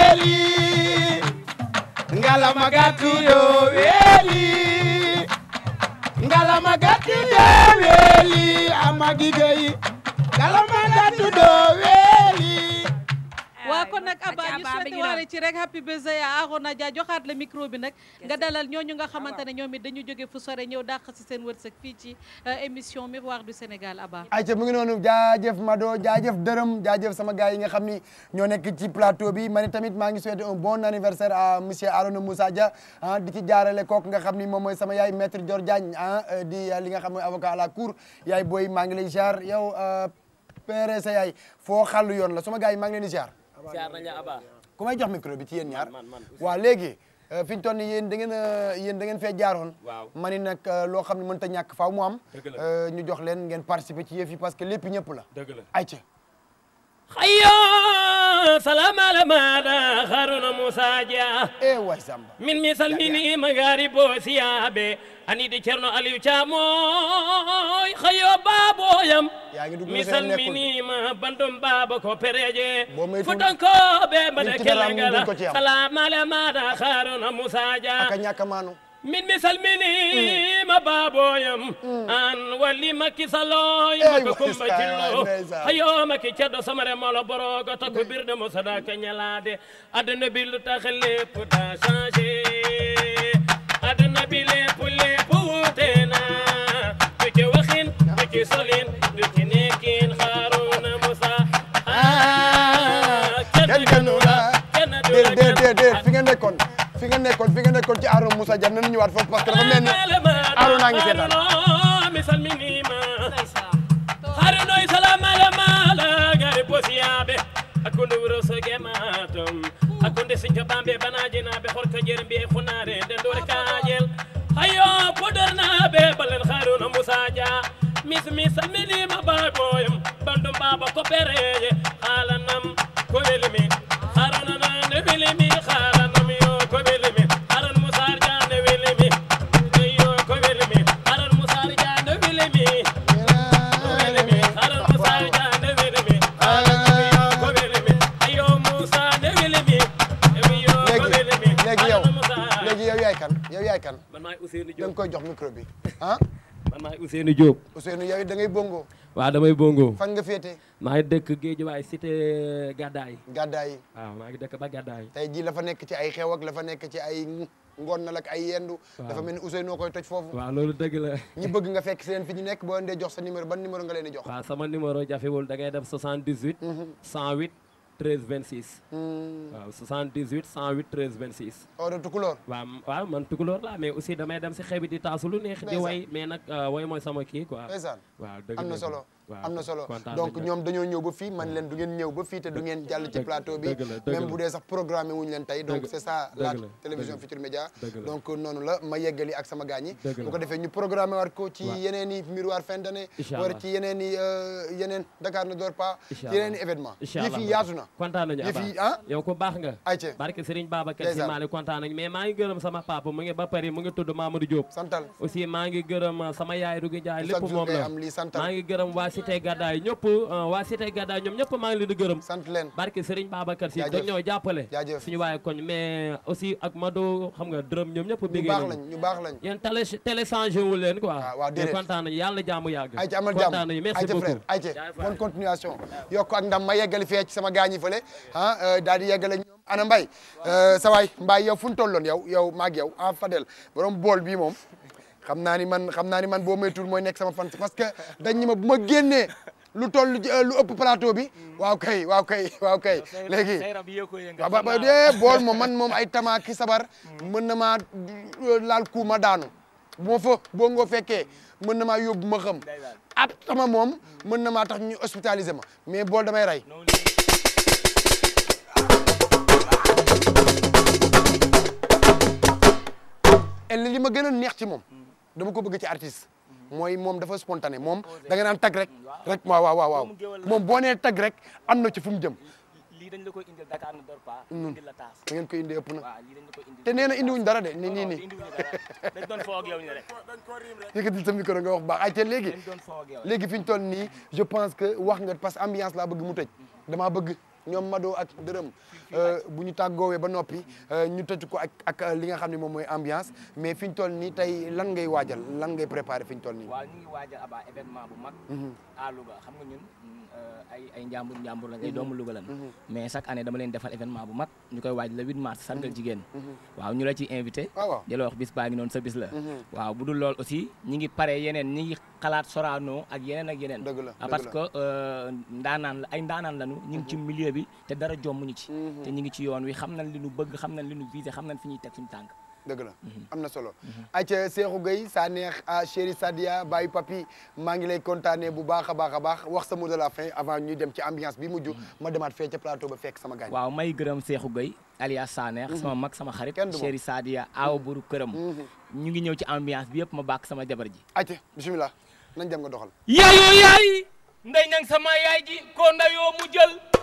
ngalama gàttu yoo weeli
ngalama gàttu
yoo weeli ama gigéyi ngalama gàttu yoo weeli
waaw kon nag Aba ñu souhaité waale ci rek happy birthday à Arona Dia micro bi nag nga dalal ñooñu nga ah, xamante ne ñoom it dañu jóge fu ñëw dàq si seen wërsëg fii euh, émission miroir du Sénégal Aba
ayca mu ngi noonu jaajëf Mado jaajëf dërëm jaajëf sama gars yi nga xam ni ñoo nekk ci plateau bi ma tamit maa ngi souhaité un bon anniversaire à monsieur Arona Moussa Dia ah, di ci jaarale kook nga xam ni moom mooy sama yaay maître Dior Diagne ah euh, di euh, li nga xam mooy avocat à la cour yaay booy maa ngi lay jaar yow pere sa yaay foo xàllu yoon la sama gars yi maa ngi leen jaar
siyaar nañ la Aba.
ku may jox micro bi ci yéen ñaar waaw léegi euh, fi ñu toll nii yéen da ngeen euh, yéen da ngeen fee jaaroon ma ni nag euh, loo xam ne mën ta ñàkk faaw mu am ñu jox leen ngeen participer ci yëf yi parce que lépp ñëpp la ay ca
حيا سلام على مادا خارون مساجا ايه واي سامبا من مثل مني مغارب وسيابي اني دي تشرنو علي تشاموي خيو بابو يم مثل مني ما بندم بابا كو بريجي فدان كو بمدا كلنغلا سلام على مادا خارون مساجا اكا نياكا مانو min mi salminima mm. baboyam mm. an wallima kisaloy maka kumba cillo hayomaki ceɗɗo samare molo borogo takko birde mo sadaka ñalade adana bi lu tax lépp da changé adana bi lépp lépp wutena du ci waxin du ci solin du ci nekkin xaruna musa ah, kenn kenn du la kenn du la kenn fi ngeen nekkoon
nga nekkoon fi nga nekkoon ci Aaron Moussa Dia nañu ñëwaat foofu parce que dafa mel ni Aaron naa ngi
seetaan misal mi nima hare noy salamala mala gari posiyaɓe hakkunde wuro sogue matom hakkunde sinco ɓamɓe banaji naɓe horko jeere mbiye funare ndendore kaƴel hayo podornaɓe ballen haruna moussa dia mis mi salminima baboyom bandum baba ko pereye haala
koy jox micro bi (laughs) ah. man maay Ousseynou Diop. Ousseynou yow da ngay bongo.
waaw damay bongo. fan nga féete. maa ngi dëkk Géejawaay cité euh, Gàddaay. Gàddaay. waaw maa ngi dëkk ba Gàddaay. tey jii
la fa nekk ci ay xew lafa nekk ci ay ngoon na ak ay yendu. dafa mel ni Ousseynou koy toj foofu.
waaw loolu dëgg la.
ñi bëgg nga fekk seen fi ñu nekk boo leen dee jox sa numéro ban numéro
nga leen di jox. waaw sama numéro jafewul da ngay def 78. 108. 13 26. Hmm. waaw 78 108 13 26. oo de tukulóor. waaw waaw man tukulóor laa mais aussi damay dem si xebi di taasu lu neex. di way mais nag euh, way mooy sama kii quoi. ndeysaan waaw dëgg am na solo. am na solo donc ñoom
dañoo ñëw ba fii man leen du ngeen i miroir fin fi euh,
ah? maa ngi gërëm sama papa mu ngi ba Paris mu ngi tudd Mamadou Diop santal aussi maa ngi gërëm sama yaay Rougui Ndiaye lépp moom la maa ngi gërëm waa Cité Gàddaay ñëpp euh, waa Cité Gàddaay ñoom ñëpp maa ngi leen di gërëm sant leen barke Serigne Babacar Sy dañ ñoo jàppale suñu waaye koñ mais aussi ak Mado xam nga dërëm ñoom ñëpp bégee nañu ñu baax lañ yéen télé télé changé wu leen quoi ah, waaw déedéet kontaan nañu yàlla jaamu yàgg ay amal jàmm kontaan nañu merci beaucoup ay bonne continuation yokk ak ndam ma yeggali
fee ci sama gaañi fële ah euh, daal di yeggale ñoom ana Mbaye euh, sa waay Mbaye yow fu ñu tolloon yow yow maag yow ah Fadel borom bool bii moom xam naa ni man xam naa ni man boo moytuwul mooy nekk sama fan parce que dañ ñu ma bu ma génnee lu toll lu ëpp plateau bi waaw kay waaw kay waaw kay léegi
eh, bool moom man
moom ay tama ki sabar mën na maa laal ku ma daanu bu ma fa boo ngoo fekkee mën na maa yóbbu ma xam ab tama moom mën na maa tax ñu hospitalisé ma mais bool damay rey et li ma gën neex ci moom dama ko bëgg ci artiste mhm. mooy moom dafa spontané moom da nga naan tag rek rek waaw waaw waaw moom boo nee tag rek am na ci fu mu jëm
lii dañ la koy indil Dakar ne dort pas indil la taas da ngeen
koy indi ëpp na
te nee na indiwuñ dara de ni nii nii dañ doon foo ak yow ni rek
yëkkatil sa micro nga wax baax ay te léegi léegi fi ñu toll nii je pense que wax nga parce que ambiance laa bëgg mu tëj mhm. damaa bëgg ñoom Mado ak dërëm euh, bu ñu tàggoowee ba noppi euh, ñu tëj ko ak ak li nga xam ne moom mooy ambiance mais fi ñu toll nii tey lan ngay waajal lan ngay préparer fi ñu toll nii. waaw ñu ngi
waajal ab événement bu mag. Mhm. à xam nga ñun. Euh, ay ay njàmbur njàmbur lañ ay mhm. doomu Louga lañ mhm. mais chaque année dama leen defal événement bu mag ñu koy waaj le 8 mars sargal mhm. jigéen waaw ñu la ci invité ah, di la wax bis baa ngi noonu sa bis la waaw bu dul lool aussi ñi pare yeneen ñi xalaat soraanoo ak yeneen ak yeneen ah, parce que euh, ndaanaan la ay ndaanaan lañu ñu ngi ci milieu bi te dara jommuñu ci te ñu ngi ci yoon wi xam na li ñu bëgg xam nañ li ñu visé xam nañ fi ñuy teg suñu
tànk dëgg la mhm. am na solo mhm. aca Seexu Gueye sa neex a ah, chéri Papi maa ngi lay kontaane bu baax a baax a baax wax sa mot la fin avant ñuy dem ci ambiance bi mujj mhm. ma demaat fee ca plateau ba fekk sama gaañ
waaw may gërëm Seexu Gueye alias Saneex sama mag sama xarit chéri Sadia aaw buru këram ñu ngi ñëw ci ambiance bi yëpp ma baak sama jabar ji
aca bismillah
nañ dem nga doxal
yaayoo
yaay nday nang sama yaay ji ko ndayoo mu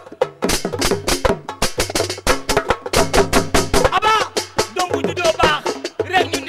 ku juddoo baax rek ñu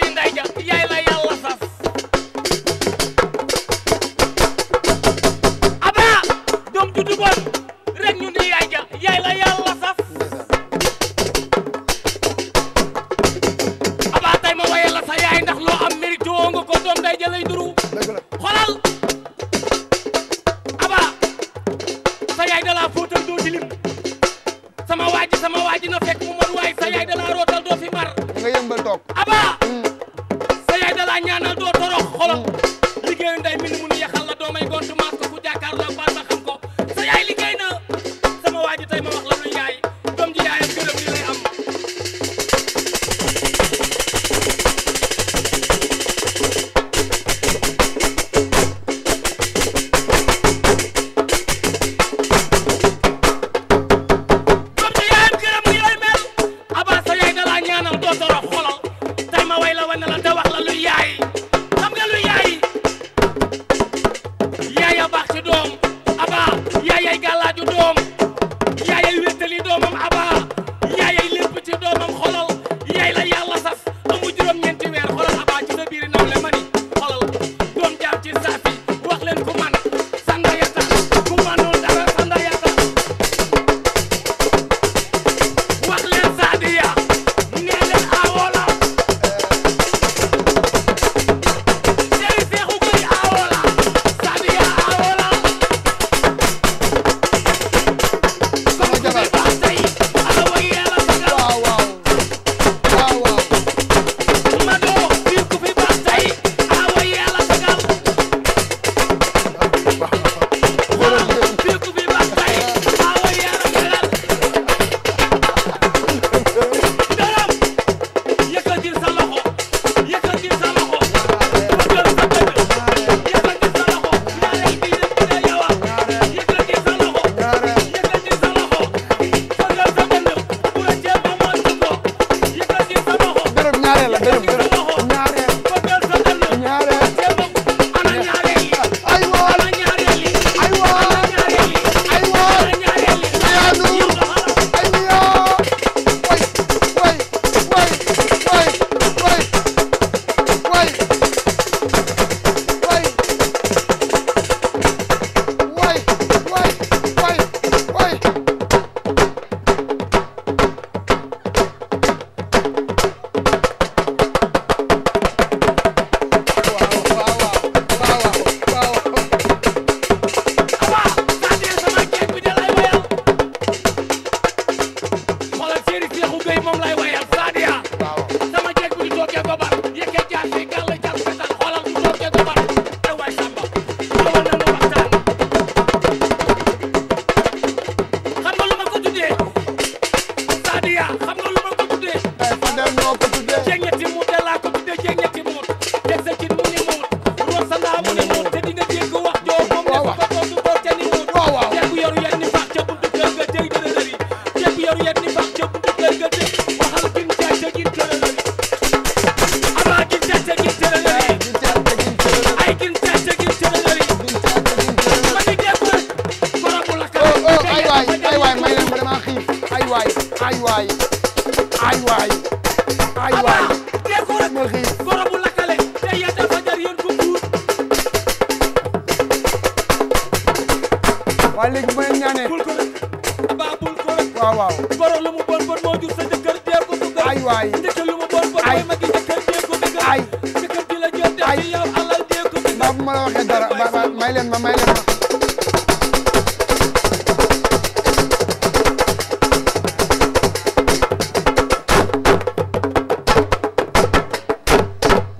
ma la waxee
dara ba may leen ma may leen ma.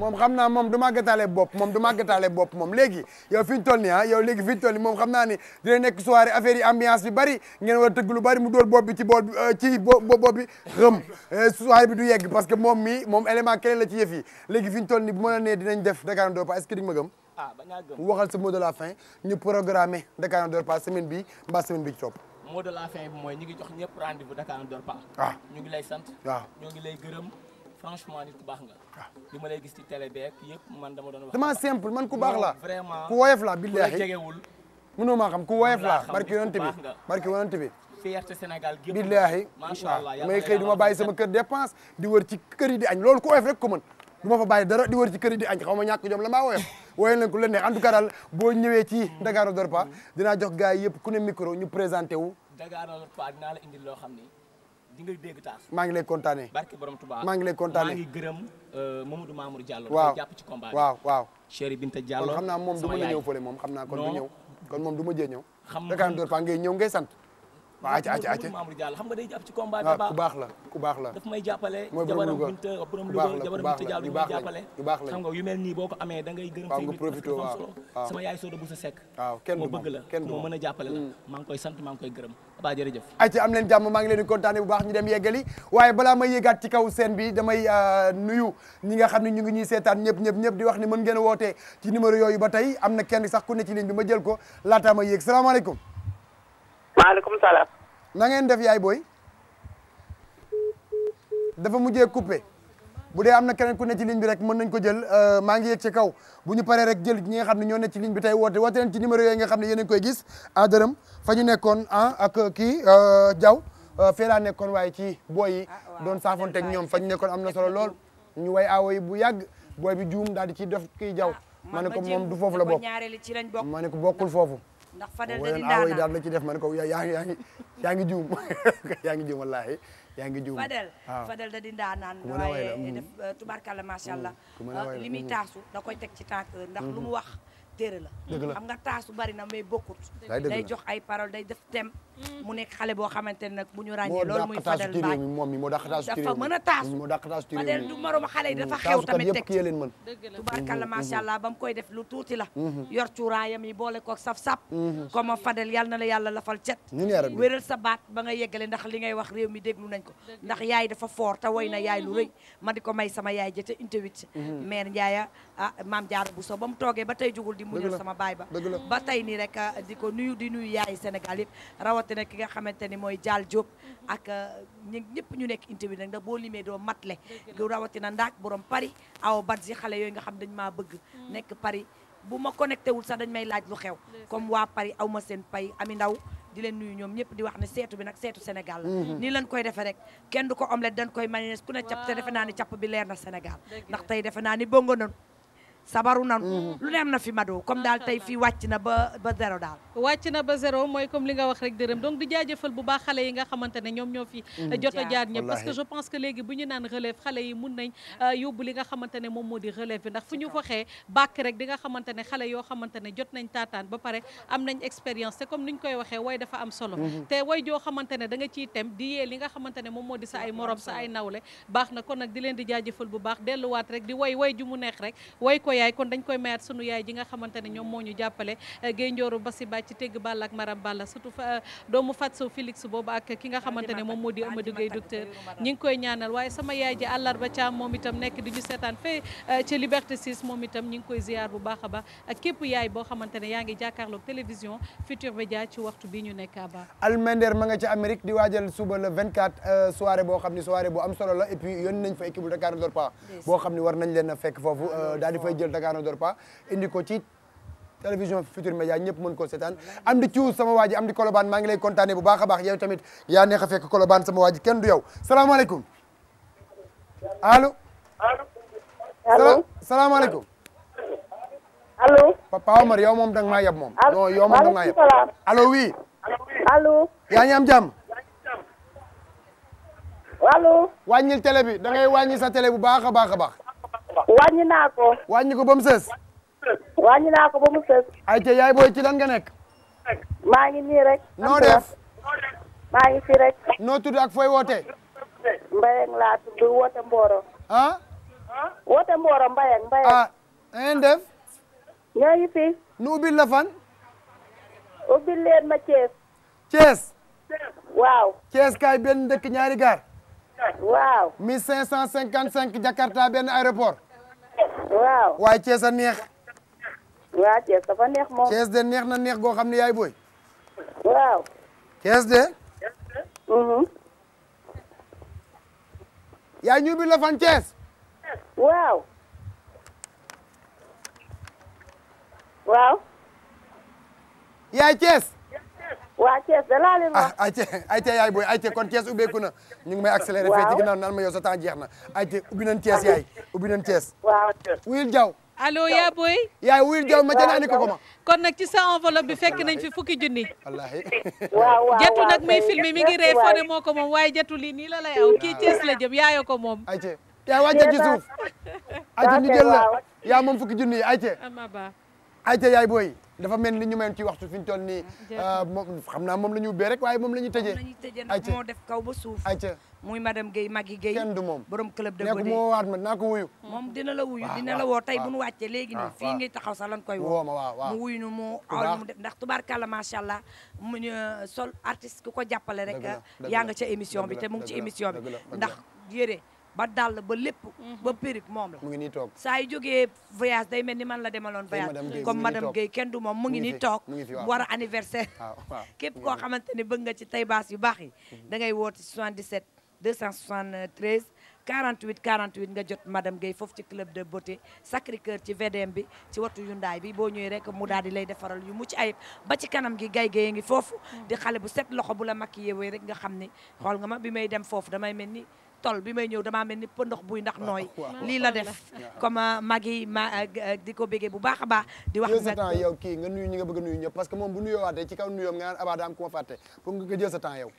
moom xam naa moom du màggataale bopp moom du màggataale bopp moom léegi yow fi ñu toll nii ah yow léegi fi ñu toll nii moom xam naa ni dina nekk soirée affaire yi ambiance bi bari ngeen war a tëgg lu bari mu dóor bopp bi ci bool euh, ci bopp bi xëm euh, soirée bi du yegg parce que moom mi moom élément clé la ci yëf yi léegi fi ñu toll nii bu mën la nee dinañ def Dakar Ndopa est ma gëm ah bañ a gëm waxal sa mot de la fin ñu programmer Dakar ne dort pas semaine bi mbaa semaine bi ci topp.
mot de la fin bi mooy ñu ngi jox ñëpp rendez ah. ñu ngi lay sant. waaw ah. ñu ngi lay gërëm. franchement baax nga. Ah. li ma lay gis ci télé beeg yëpp man dama doon wax. dama simple man ku baax la vraiment ku woyof la billahi ku la jegewul.
mënoo maa xam ku woyof la barki yonent bi barki yonent bi.
billahi ma bàyyi sama kër
dépense di wër ci kër yi di añ loolu ku woyof rek ko mën du ma fa bàyyi dara di wër ci kër yi di añ xaw ma ñàkk jom la maa woyof. wooye leen ku leen neex en tout cas daal boo ñëwee ci Dakar ne dort pas dinaa jox gars yi yëpp ku ne micro ñu présenté wu.
Dakar ne dort pas loo xam ni di nga dégg taas. maa ngi lay kontaanee. barke borom Touba maa ngi lay kontaanee gërëm euh, Mamadou Mamour Diallo. waaw di jàpp ci combat waaw
waaw. Chéri Binta Diallo sama xam naa moom du ma la ñëw fële moom xam naa kon du ñëw kon moom du ma jee ñëw. xam nga Dakar ne ngay ñëw ngay sant waaw acca acca acca
xam nga day jàpp ci combat bi ah, ku baax la ku baax la daf may jàppale jabaram binta borom Louga jabaram binta Diallo may jàppale xam nga solo sama kenn du bëgg la kenn du moo a jàppale la mm. maa ngi koy sant maa koy gërëm
jàmm maa ngi leen di kontaane bu baax ñu dem yeggali waaye balaa may yéegaat ci kaw seen bi damay euh, nuyu ñi nga xam ne ñu ngi ñuy seetaan ñëpp ñëpp ñëpp di wax ni mën ngeen wootee ci numéro yooyu ba tey am na kenn sax ku ne ci bi ma jël ko laataa ma yéeg salaamaaleykum maaleykum na ngeen def yaay booy. dafa mujjee coupé. bu dee am na keneen ku ne ci ligne bi rek mën nañ ko jël euh, maa ngi ci kaw bu ñu paree rek jël ñi nga xam ne ñoo ne ci ligne bi tey woote woote leen ci numéro yooyu nga xam ne yéen a koy gis à dërëm nekkoon ah ak kii euh, Diaw euh, fee laa nekkoon waaye ci booy yi ah, doon te ñoom fa ñu nekkoon am na solo lool ñu way aawo bu yàgg booy bi juum daal di ciy def kii Diaw ah, ma ne ko moom du foofu la bokk ma ne ko bokkul foofu
ndax Fadel da di daana daal
la ci def man ko yaa ngi yaa ngi yaa ngi juum (laughs) yaa ngi juum wallaahi yaa ngi juum Fadel Fadel
da di daanaan waaye mm. def euh, tubarkalla macha allah mm, euh, li muy mm. taasu da koy teg ci tànk ndax lu mu mm-hmm. wax téere la xam nga taasu bari na mais bokkut day jox ay parole day def thème mu nekk xale boo xamante ne nag bu ñu ràññee loolu muy Fadel Mbaye moom
mi moo dàq taasu dafa mën a taasu moo dàq taasu Fadel xale yi dafa mm-hmm. xew tamit teg ci
tubaarkalla mm-hmm. macha allah ba mu koy def lu tuuti la mm-hmm. yor cuuraayam yi boole koog saf-sap comme Fadel yal na la yàlla lafal cet wéral sa baat ba nga yeggale ndax li ngay wax réew mi déglu nañ ko ndax yaay dafa foor te woy na yaay lu rëy ma di ko may sama yaay jëte intuit mère Ndiaye ah maam bu Bousso ba mu toogee ba tey jugul di muñal sama baay ba ba tey nii rek ah, di ko nuyu di nuyu yaay Sénégal yëpp rawat rawatina ki nga xamante ni mooy Jaal Diop ak euh, ñi ñëpp ñu nekk inti bi nag ndax boo limee doo matle rawatina ndaak borom pari aw bat si xale yooyu nga xam dañ maa bëgg mm. nekk Paris bu ma connecté wul sax dañ may laaj lu xew comme waa pari aw ma seen pay ami ndaw di leen nuyu ñoom ñëpp di wax ne seetu bi nag seetu Sénégal la mm-hmm. nii lañ koy defee rek kenn du ko omelette dañ koy mayonnaise ku ne capp te defe naa ni capp bi leer na Sénégal ndax tey defe naa ni bongo noonu sabaru nanu mhm. lu ne am na fi Mado comme daal tey fii wàcc na ba ba zéro daal wàcc na ba zéro mooy comme li nga wax rek dërëm donc di jaajëfal bu baax
xale yi nga xamante ne ñoom ñoo fi mhm. jot a jaar ñëpp parce que je pense que léegi bu ñu naan relève xale yi mun nañ euh, yóbbu li nga xamante ne moom moo di relève bi ndax fu ñu waxee bàkk rek di nga xamante ne xale yoo xamante ne jot nañ taataan ba pare am nañ expérience te comme ni ñu koy waxee way dafa am solo mhm. te way joo xamante ne da nga ciy tem di yee nga xamante ne moom moo di sa ay morom sa ay nawle baax na kon nag di leen di jaajëfal bu baax delluwaat rek di way way ju mu neex rek yaay kon dañ koy mayaat sunu yaay ji nga xamante ñoom moo jàppale eh, géy njooru basi ba ci tégg ball maram balla surtout eh, doomu Fatso Félix boobu ak eh, a képp yaay boo xamante ne yaa ngi jàkkaarloog télévision Futur Média ci waxtu bi ñu nekk Aba
almender ma nga ci Amérique di waajal suba le 24 soirée boo xam ne soirée bu am solo la et puis nañ fa équipe de Dakar ne dort boo xam ne war nañ leen a fekk foofu daal di fay jël Dakar ne dort pas indi ko ci télévision Futur Média ñëpp mën ko seetaan am di ciw sama waa ji am di kolobaan maa ngi lay kontaane bu baax a baax yow tamit yaa neex a fekk kolobaan sama waa kenn du yow salaamaaleykum allo allo salaamaaleykum allo papa Omar yow moom danga maa moom non yow moom danga maa bi da ngay sa tele bu baax a baax a baax wàññi naa ko. wàññi ko ba mu sës. naa ko ba mu ay te yaay booy ci lan nga nekk. maa ngi nii rek. noo def. maa ngi fi rek. noo tudd ak fooy wootee. Mbayang laa tudd woote Mboro. ah. woote Mboro Mbayang Mbayang. ah na ngeen def. ngi fi. nu ubbil la fan. leen ma Thiès. Thiès. waaw. Thiès kaay benn dëkk ñaari gaar. waaw. mille cinq cent cinquante cinq Jakarta benn aéroport. waaw waaye Thiès neex. waaw Thiès dafa neex moom. Thiès de neex na neex goo xam ne yaay booy. waaw. Thiès de. Mm-hmm. yaay ñu bi la fan Thiès. waaw. waaw. yaay Thiès. waa Thiès da laa leen wax. ah ayca ayca yaay booy ayca kon Thiès ubbeeku na ñu ngi may accéléré. waaw fee ci ginnaaw naan ma yow sa na ayca ubbi nañ Thiès yaay ubbi nañ wuyul Diaw. allo yaa booy. yaay wuyul Diaw ma ca ni ko ko
kon nag ci sa enveloppe bi fekk nañ fi fukki junni. wallaahi. (laughs) waaw waaw jattu nag may filmé mi ngi ree foo moom waaye jattu lii nii la lay aw kii la jëm yaayoo ko moom. ayca
yaay wàcce ci suuf. (laughs) ayca ñu yaa moom fukki junni yi ayca. ayca yaay booy dafa mel ni ñu meen ci waxtu fi ñu toll nii euh, moom xam naa moom la ñu ubbee rek waaye moom la ñuy tëjee ayca moo def kaw ba suuf ayca muy madame Guèye Magui Guèye kenn du moom borom club de Godé nekk moo waat ma naa ko wuyu
moom dina la wuyu dina la woo tey bu nu wàccee léegi nii ah, fii ngay taxaw sax lan koy woo ma waaw mu wuyu nu mu mu def ndax tubaarkàlla macha allah mu euh, sol artiste ku ko jàppale rek ah, yaa nga ca émission bi te mu ngi ci émission bi ndax yére ba dàll ba lépp. Mhm. ba périk moom la. mu ngi nii toog saa yu jógee voyage day mel ni man la demaloon voyage. comme madame Guèye kenn du moom mu ngi nii toog. war a anniversaire. (laughs) képp koo xamante ne bëgg nga ci tay baas yu baax yi. Mhm. da ngay woote 77 273 48 48 nga jot madame Guèye foofu ci club de beauté Sacré Cœur ci VDM bi ci wattu Hyundai bi boo ñëwee rek mu daal di lay defaral yu mucc ayib ba ci kanam gi gay Guèye ngi foofu. Mhm. di xale bu set loxo bu la maquillé wee rek nga xam ni. xool nga ma bi may dem foofu damay mel ni. tol bi may ñëw dama mel ni ndox buy ndax nooy (laughs) lii la def (laughs) comme euh, magi ma euh, euh, di ko béggee bu baax a baax di
wax sa temps yow kii nga nuyu ñi nga bëgg a nuyu ñëpp parce que moom bu nuyoowaatee ci kaw nuyoom nga naan abaa daam ku nga ko sa temps yow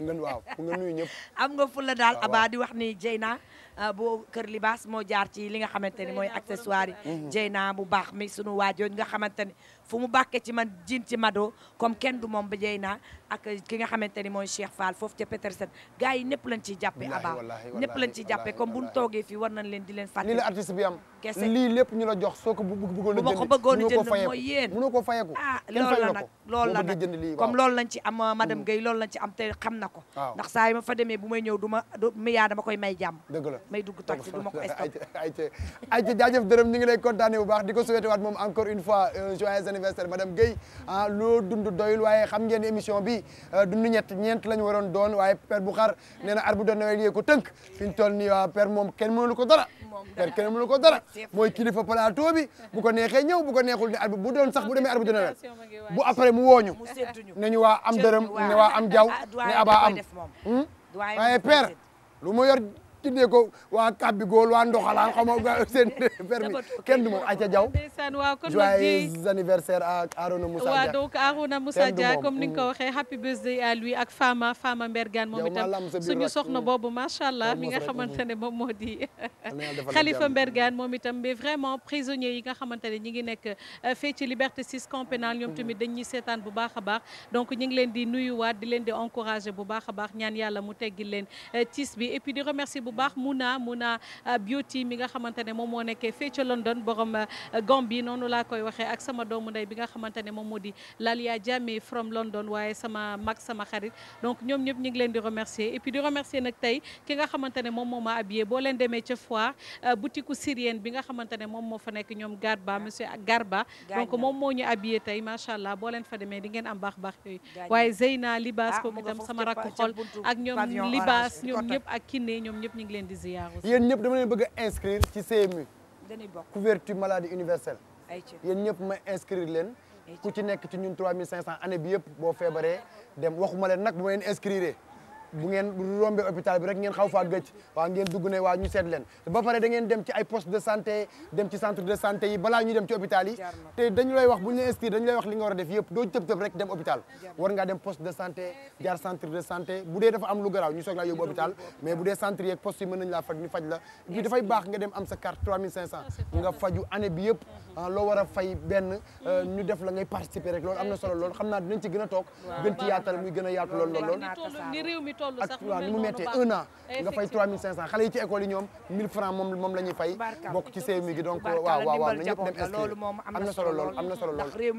nga nga nuyu ñëpp. (laughs)
am nga fulla daal Aba di wax ni Jeyna euh, bu Kër Libaas moo jaar ci li nga xamante ni mooy accessoire yi. Jeyna bu baax mi sunu waajooñ nga xamante ni fu mu bàkkee ci man jin ci mado comme kenn du moom ba Jeyna ak ki nga xamante ni mooy Cheikh Fall foofu ca Petersen gars yi ñëpp lañ ciy jàppee. Aba ñëpp lañ ciy jàppee comme bu ñu toogee fii war nañ leen di leen fàtte. lii la artiste bi am. kese lii
ñu la jox soo ko bu ma ko bëggoon a jënd mooy
yéen mënoo koo fayeku. ah loolu la nag nag comme na ko ndax saa yi ma fa demee bu may ñëw du ma milliard dama koy may dugg taxi du ma ko stop
ay ci dërëm ñu ngi lay bu baax di ko souhaité waat moom encore une fois euh, anniversaire madame Guèye ah, loo dund doyul waaye xam ngeen émission bi euh, dund ñett ñeent la waroon doon waaye père bu xar nee na ar bu tënk fi ñu toll waa père moom kenn mënul ko dara père kenn mënul ko dara mooy kilifa plateau bu ko neexee ñëw bu ko neexul ne ar bu doon (laughs) am
waaye hmm? père
lu mu yor tuddee ko waa Kabbi Góol waa Ndoxalaan xam nga seen (laughs) permis kenn du moom Aïcha Diaw
joyeux
anniversaire à Arona Moussa Dia waaw donc Arona Moussa Dia comme ni nga ko
mm. a happy birthday à lui ak Fama Fama Mbergane moom itam suñu soxna mm. boobu macha allah mi nga xamante mm. ne moom moo di (laughs) Khalifa Mbergane moom itam mais vraiment prisonnier yi nga xamante ne ñi ngi nekk euh, fee ci liberté 6 camp pénal ñoom tamit dañuy seetaan bu baax a baax donc ñi ngi leen di nuyuwaat di leen di encourager bu baax a baax baax Muna Muna euh, Beauty mi nga xamante ne moom moo nekkee fii ca London borom euh, Gambie noonu laa koy waxee ak sama doomu ndey bi nga xamante moom moo di Lalia Jammeh from London waaye sama mag sama xarit donc ñoom ñëpp ñu ngi leen di remercier et puis di remercier nag tey ki nga xamante moom moo euh, bi nga xamante ne moom moo fa nekk ñoom Garba monsieur Garba donc moom moo ñu habillé tey macha allah boo leen fa demee di ngeen am baax baax yooyu waaye Zeyna Libaas ah, kooku itam sama rakk xol ak ñoom Libaas ñoom ñëpp ak Kiné ngi leen di ziar
yéen ñëpp dama leen bëgg a inscrire ci CMU. dañuy bokk couverture maladie universelle. ayca yéen ñëpp ma inscrire leen. ku ci nekk ci ñun 3500 année bi yëpp boo feebaree dem waxuma leen nag bu ma leen bu ngeen rombé hôpital bi rek ngeen xaw faa gëcc waaw ngeen dugg ne waa ñu seet ba pare da dem ci ay poste de santé dem ci centre de santé yi balaa ñuy dem ci hôpital yi te dañu wax bu ñu li nga a def doo tëb tëb rek dem hôpital war ngaa dem poste de santé jaar centre de santé bu dee dafa am lu garaaw ñu soog laa yóbbu la puis dafay baax nga am sa carte 3500 nga faju année bi yëpp ah, loo war a fay benn euh, ñu def la ngay participer rek loolu am na solo loolu xam naa dinañ ci gën toog gën ci yaatal muy gën yaatu lool lool
ak waaw ni mu mettee un an nga fay
3500 xale yi ci école yi ñoom 1000 francs moom moom fay bokk ci CMU gi donc waaw waaw waaw na ñëpp dem inscrire am na solo lool am na solo lool ndax
réew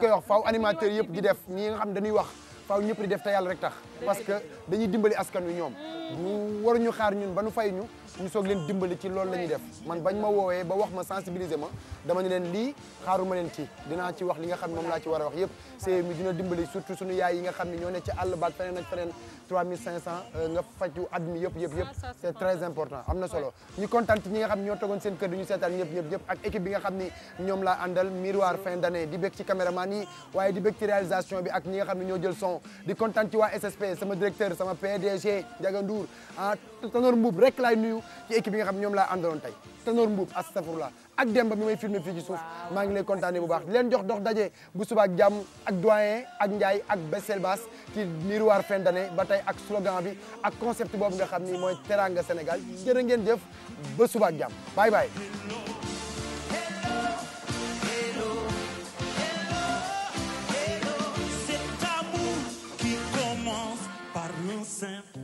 koy wax faaw animateur yëpp di def
ñi xam dañuy wax faaw ñëpp di def te yàlla rek tax parce que dañuy dimbali askan ñoom bu mm. waruñu xaar ñun ba nu fay ñu soog leen dimbali ci loolu la ñuy def man bañ ma woowee ba wax ma sensibiliser ma dama leen lii xaaruma leen ci dinaa ci wax li nga xam ne moom laa ci war a wax yëpp CMU dina dimbali surtout suñu yaay nga xam ne ñoo ne ci àll baat feneen ak feneen 3500 euh, nga faju at mi yëpp yëpp c'est très important am na solo ñu kontaan ci ñi nga xam ne ñoo togoon seen kër di ñu seetaan ñëpp ñëpp ñëpp ak équipe bi nga xam ne ñoom laa àndal miroir fin d'année di bëgg ci caméraman yi waaye di bi ak ñi nga ne ñoo jël son di kontaan ci waa SSP sama sama PDG Ndiaga Tanor Mbuub rek laay nuyu ci équipe bi nga xam ñoom laa àndaloon tey Tanor Mbuub astafurlah ak Demba mi may filmé fii ci maa ngi lay kontaane bu baax di leen jox dox daje bu suba ak jàmm ak doyen ak njaay ak Bessel Bass ci miroir fin ba tey ak slogan bi ak concept boobu nga xam ni mooy teranga Sénégal jërë ngeen jëf ba suba ak jàmm bye bye.
simple.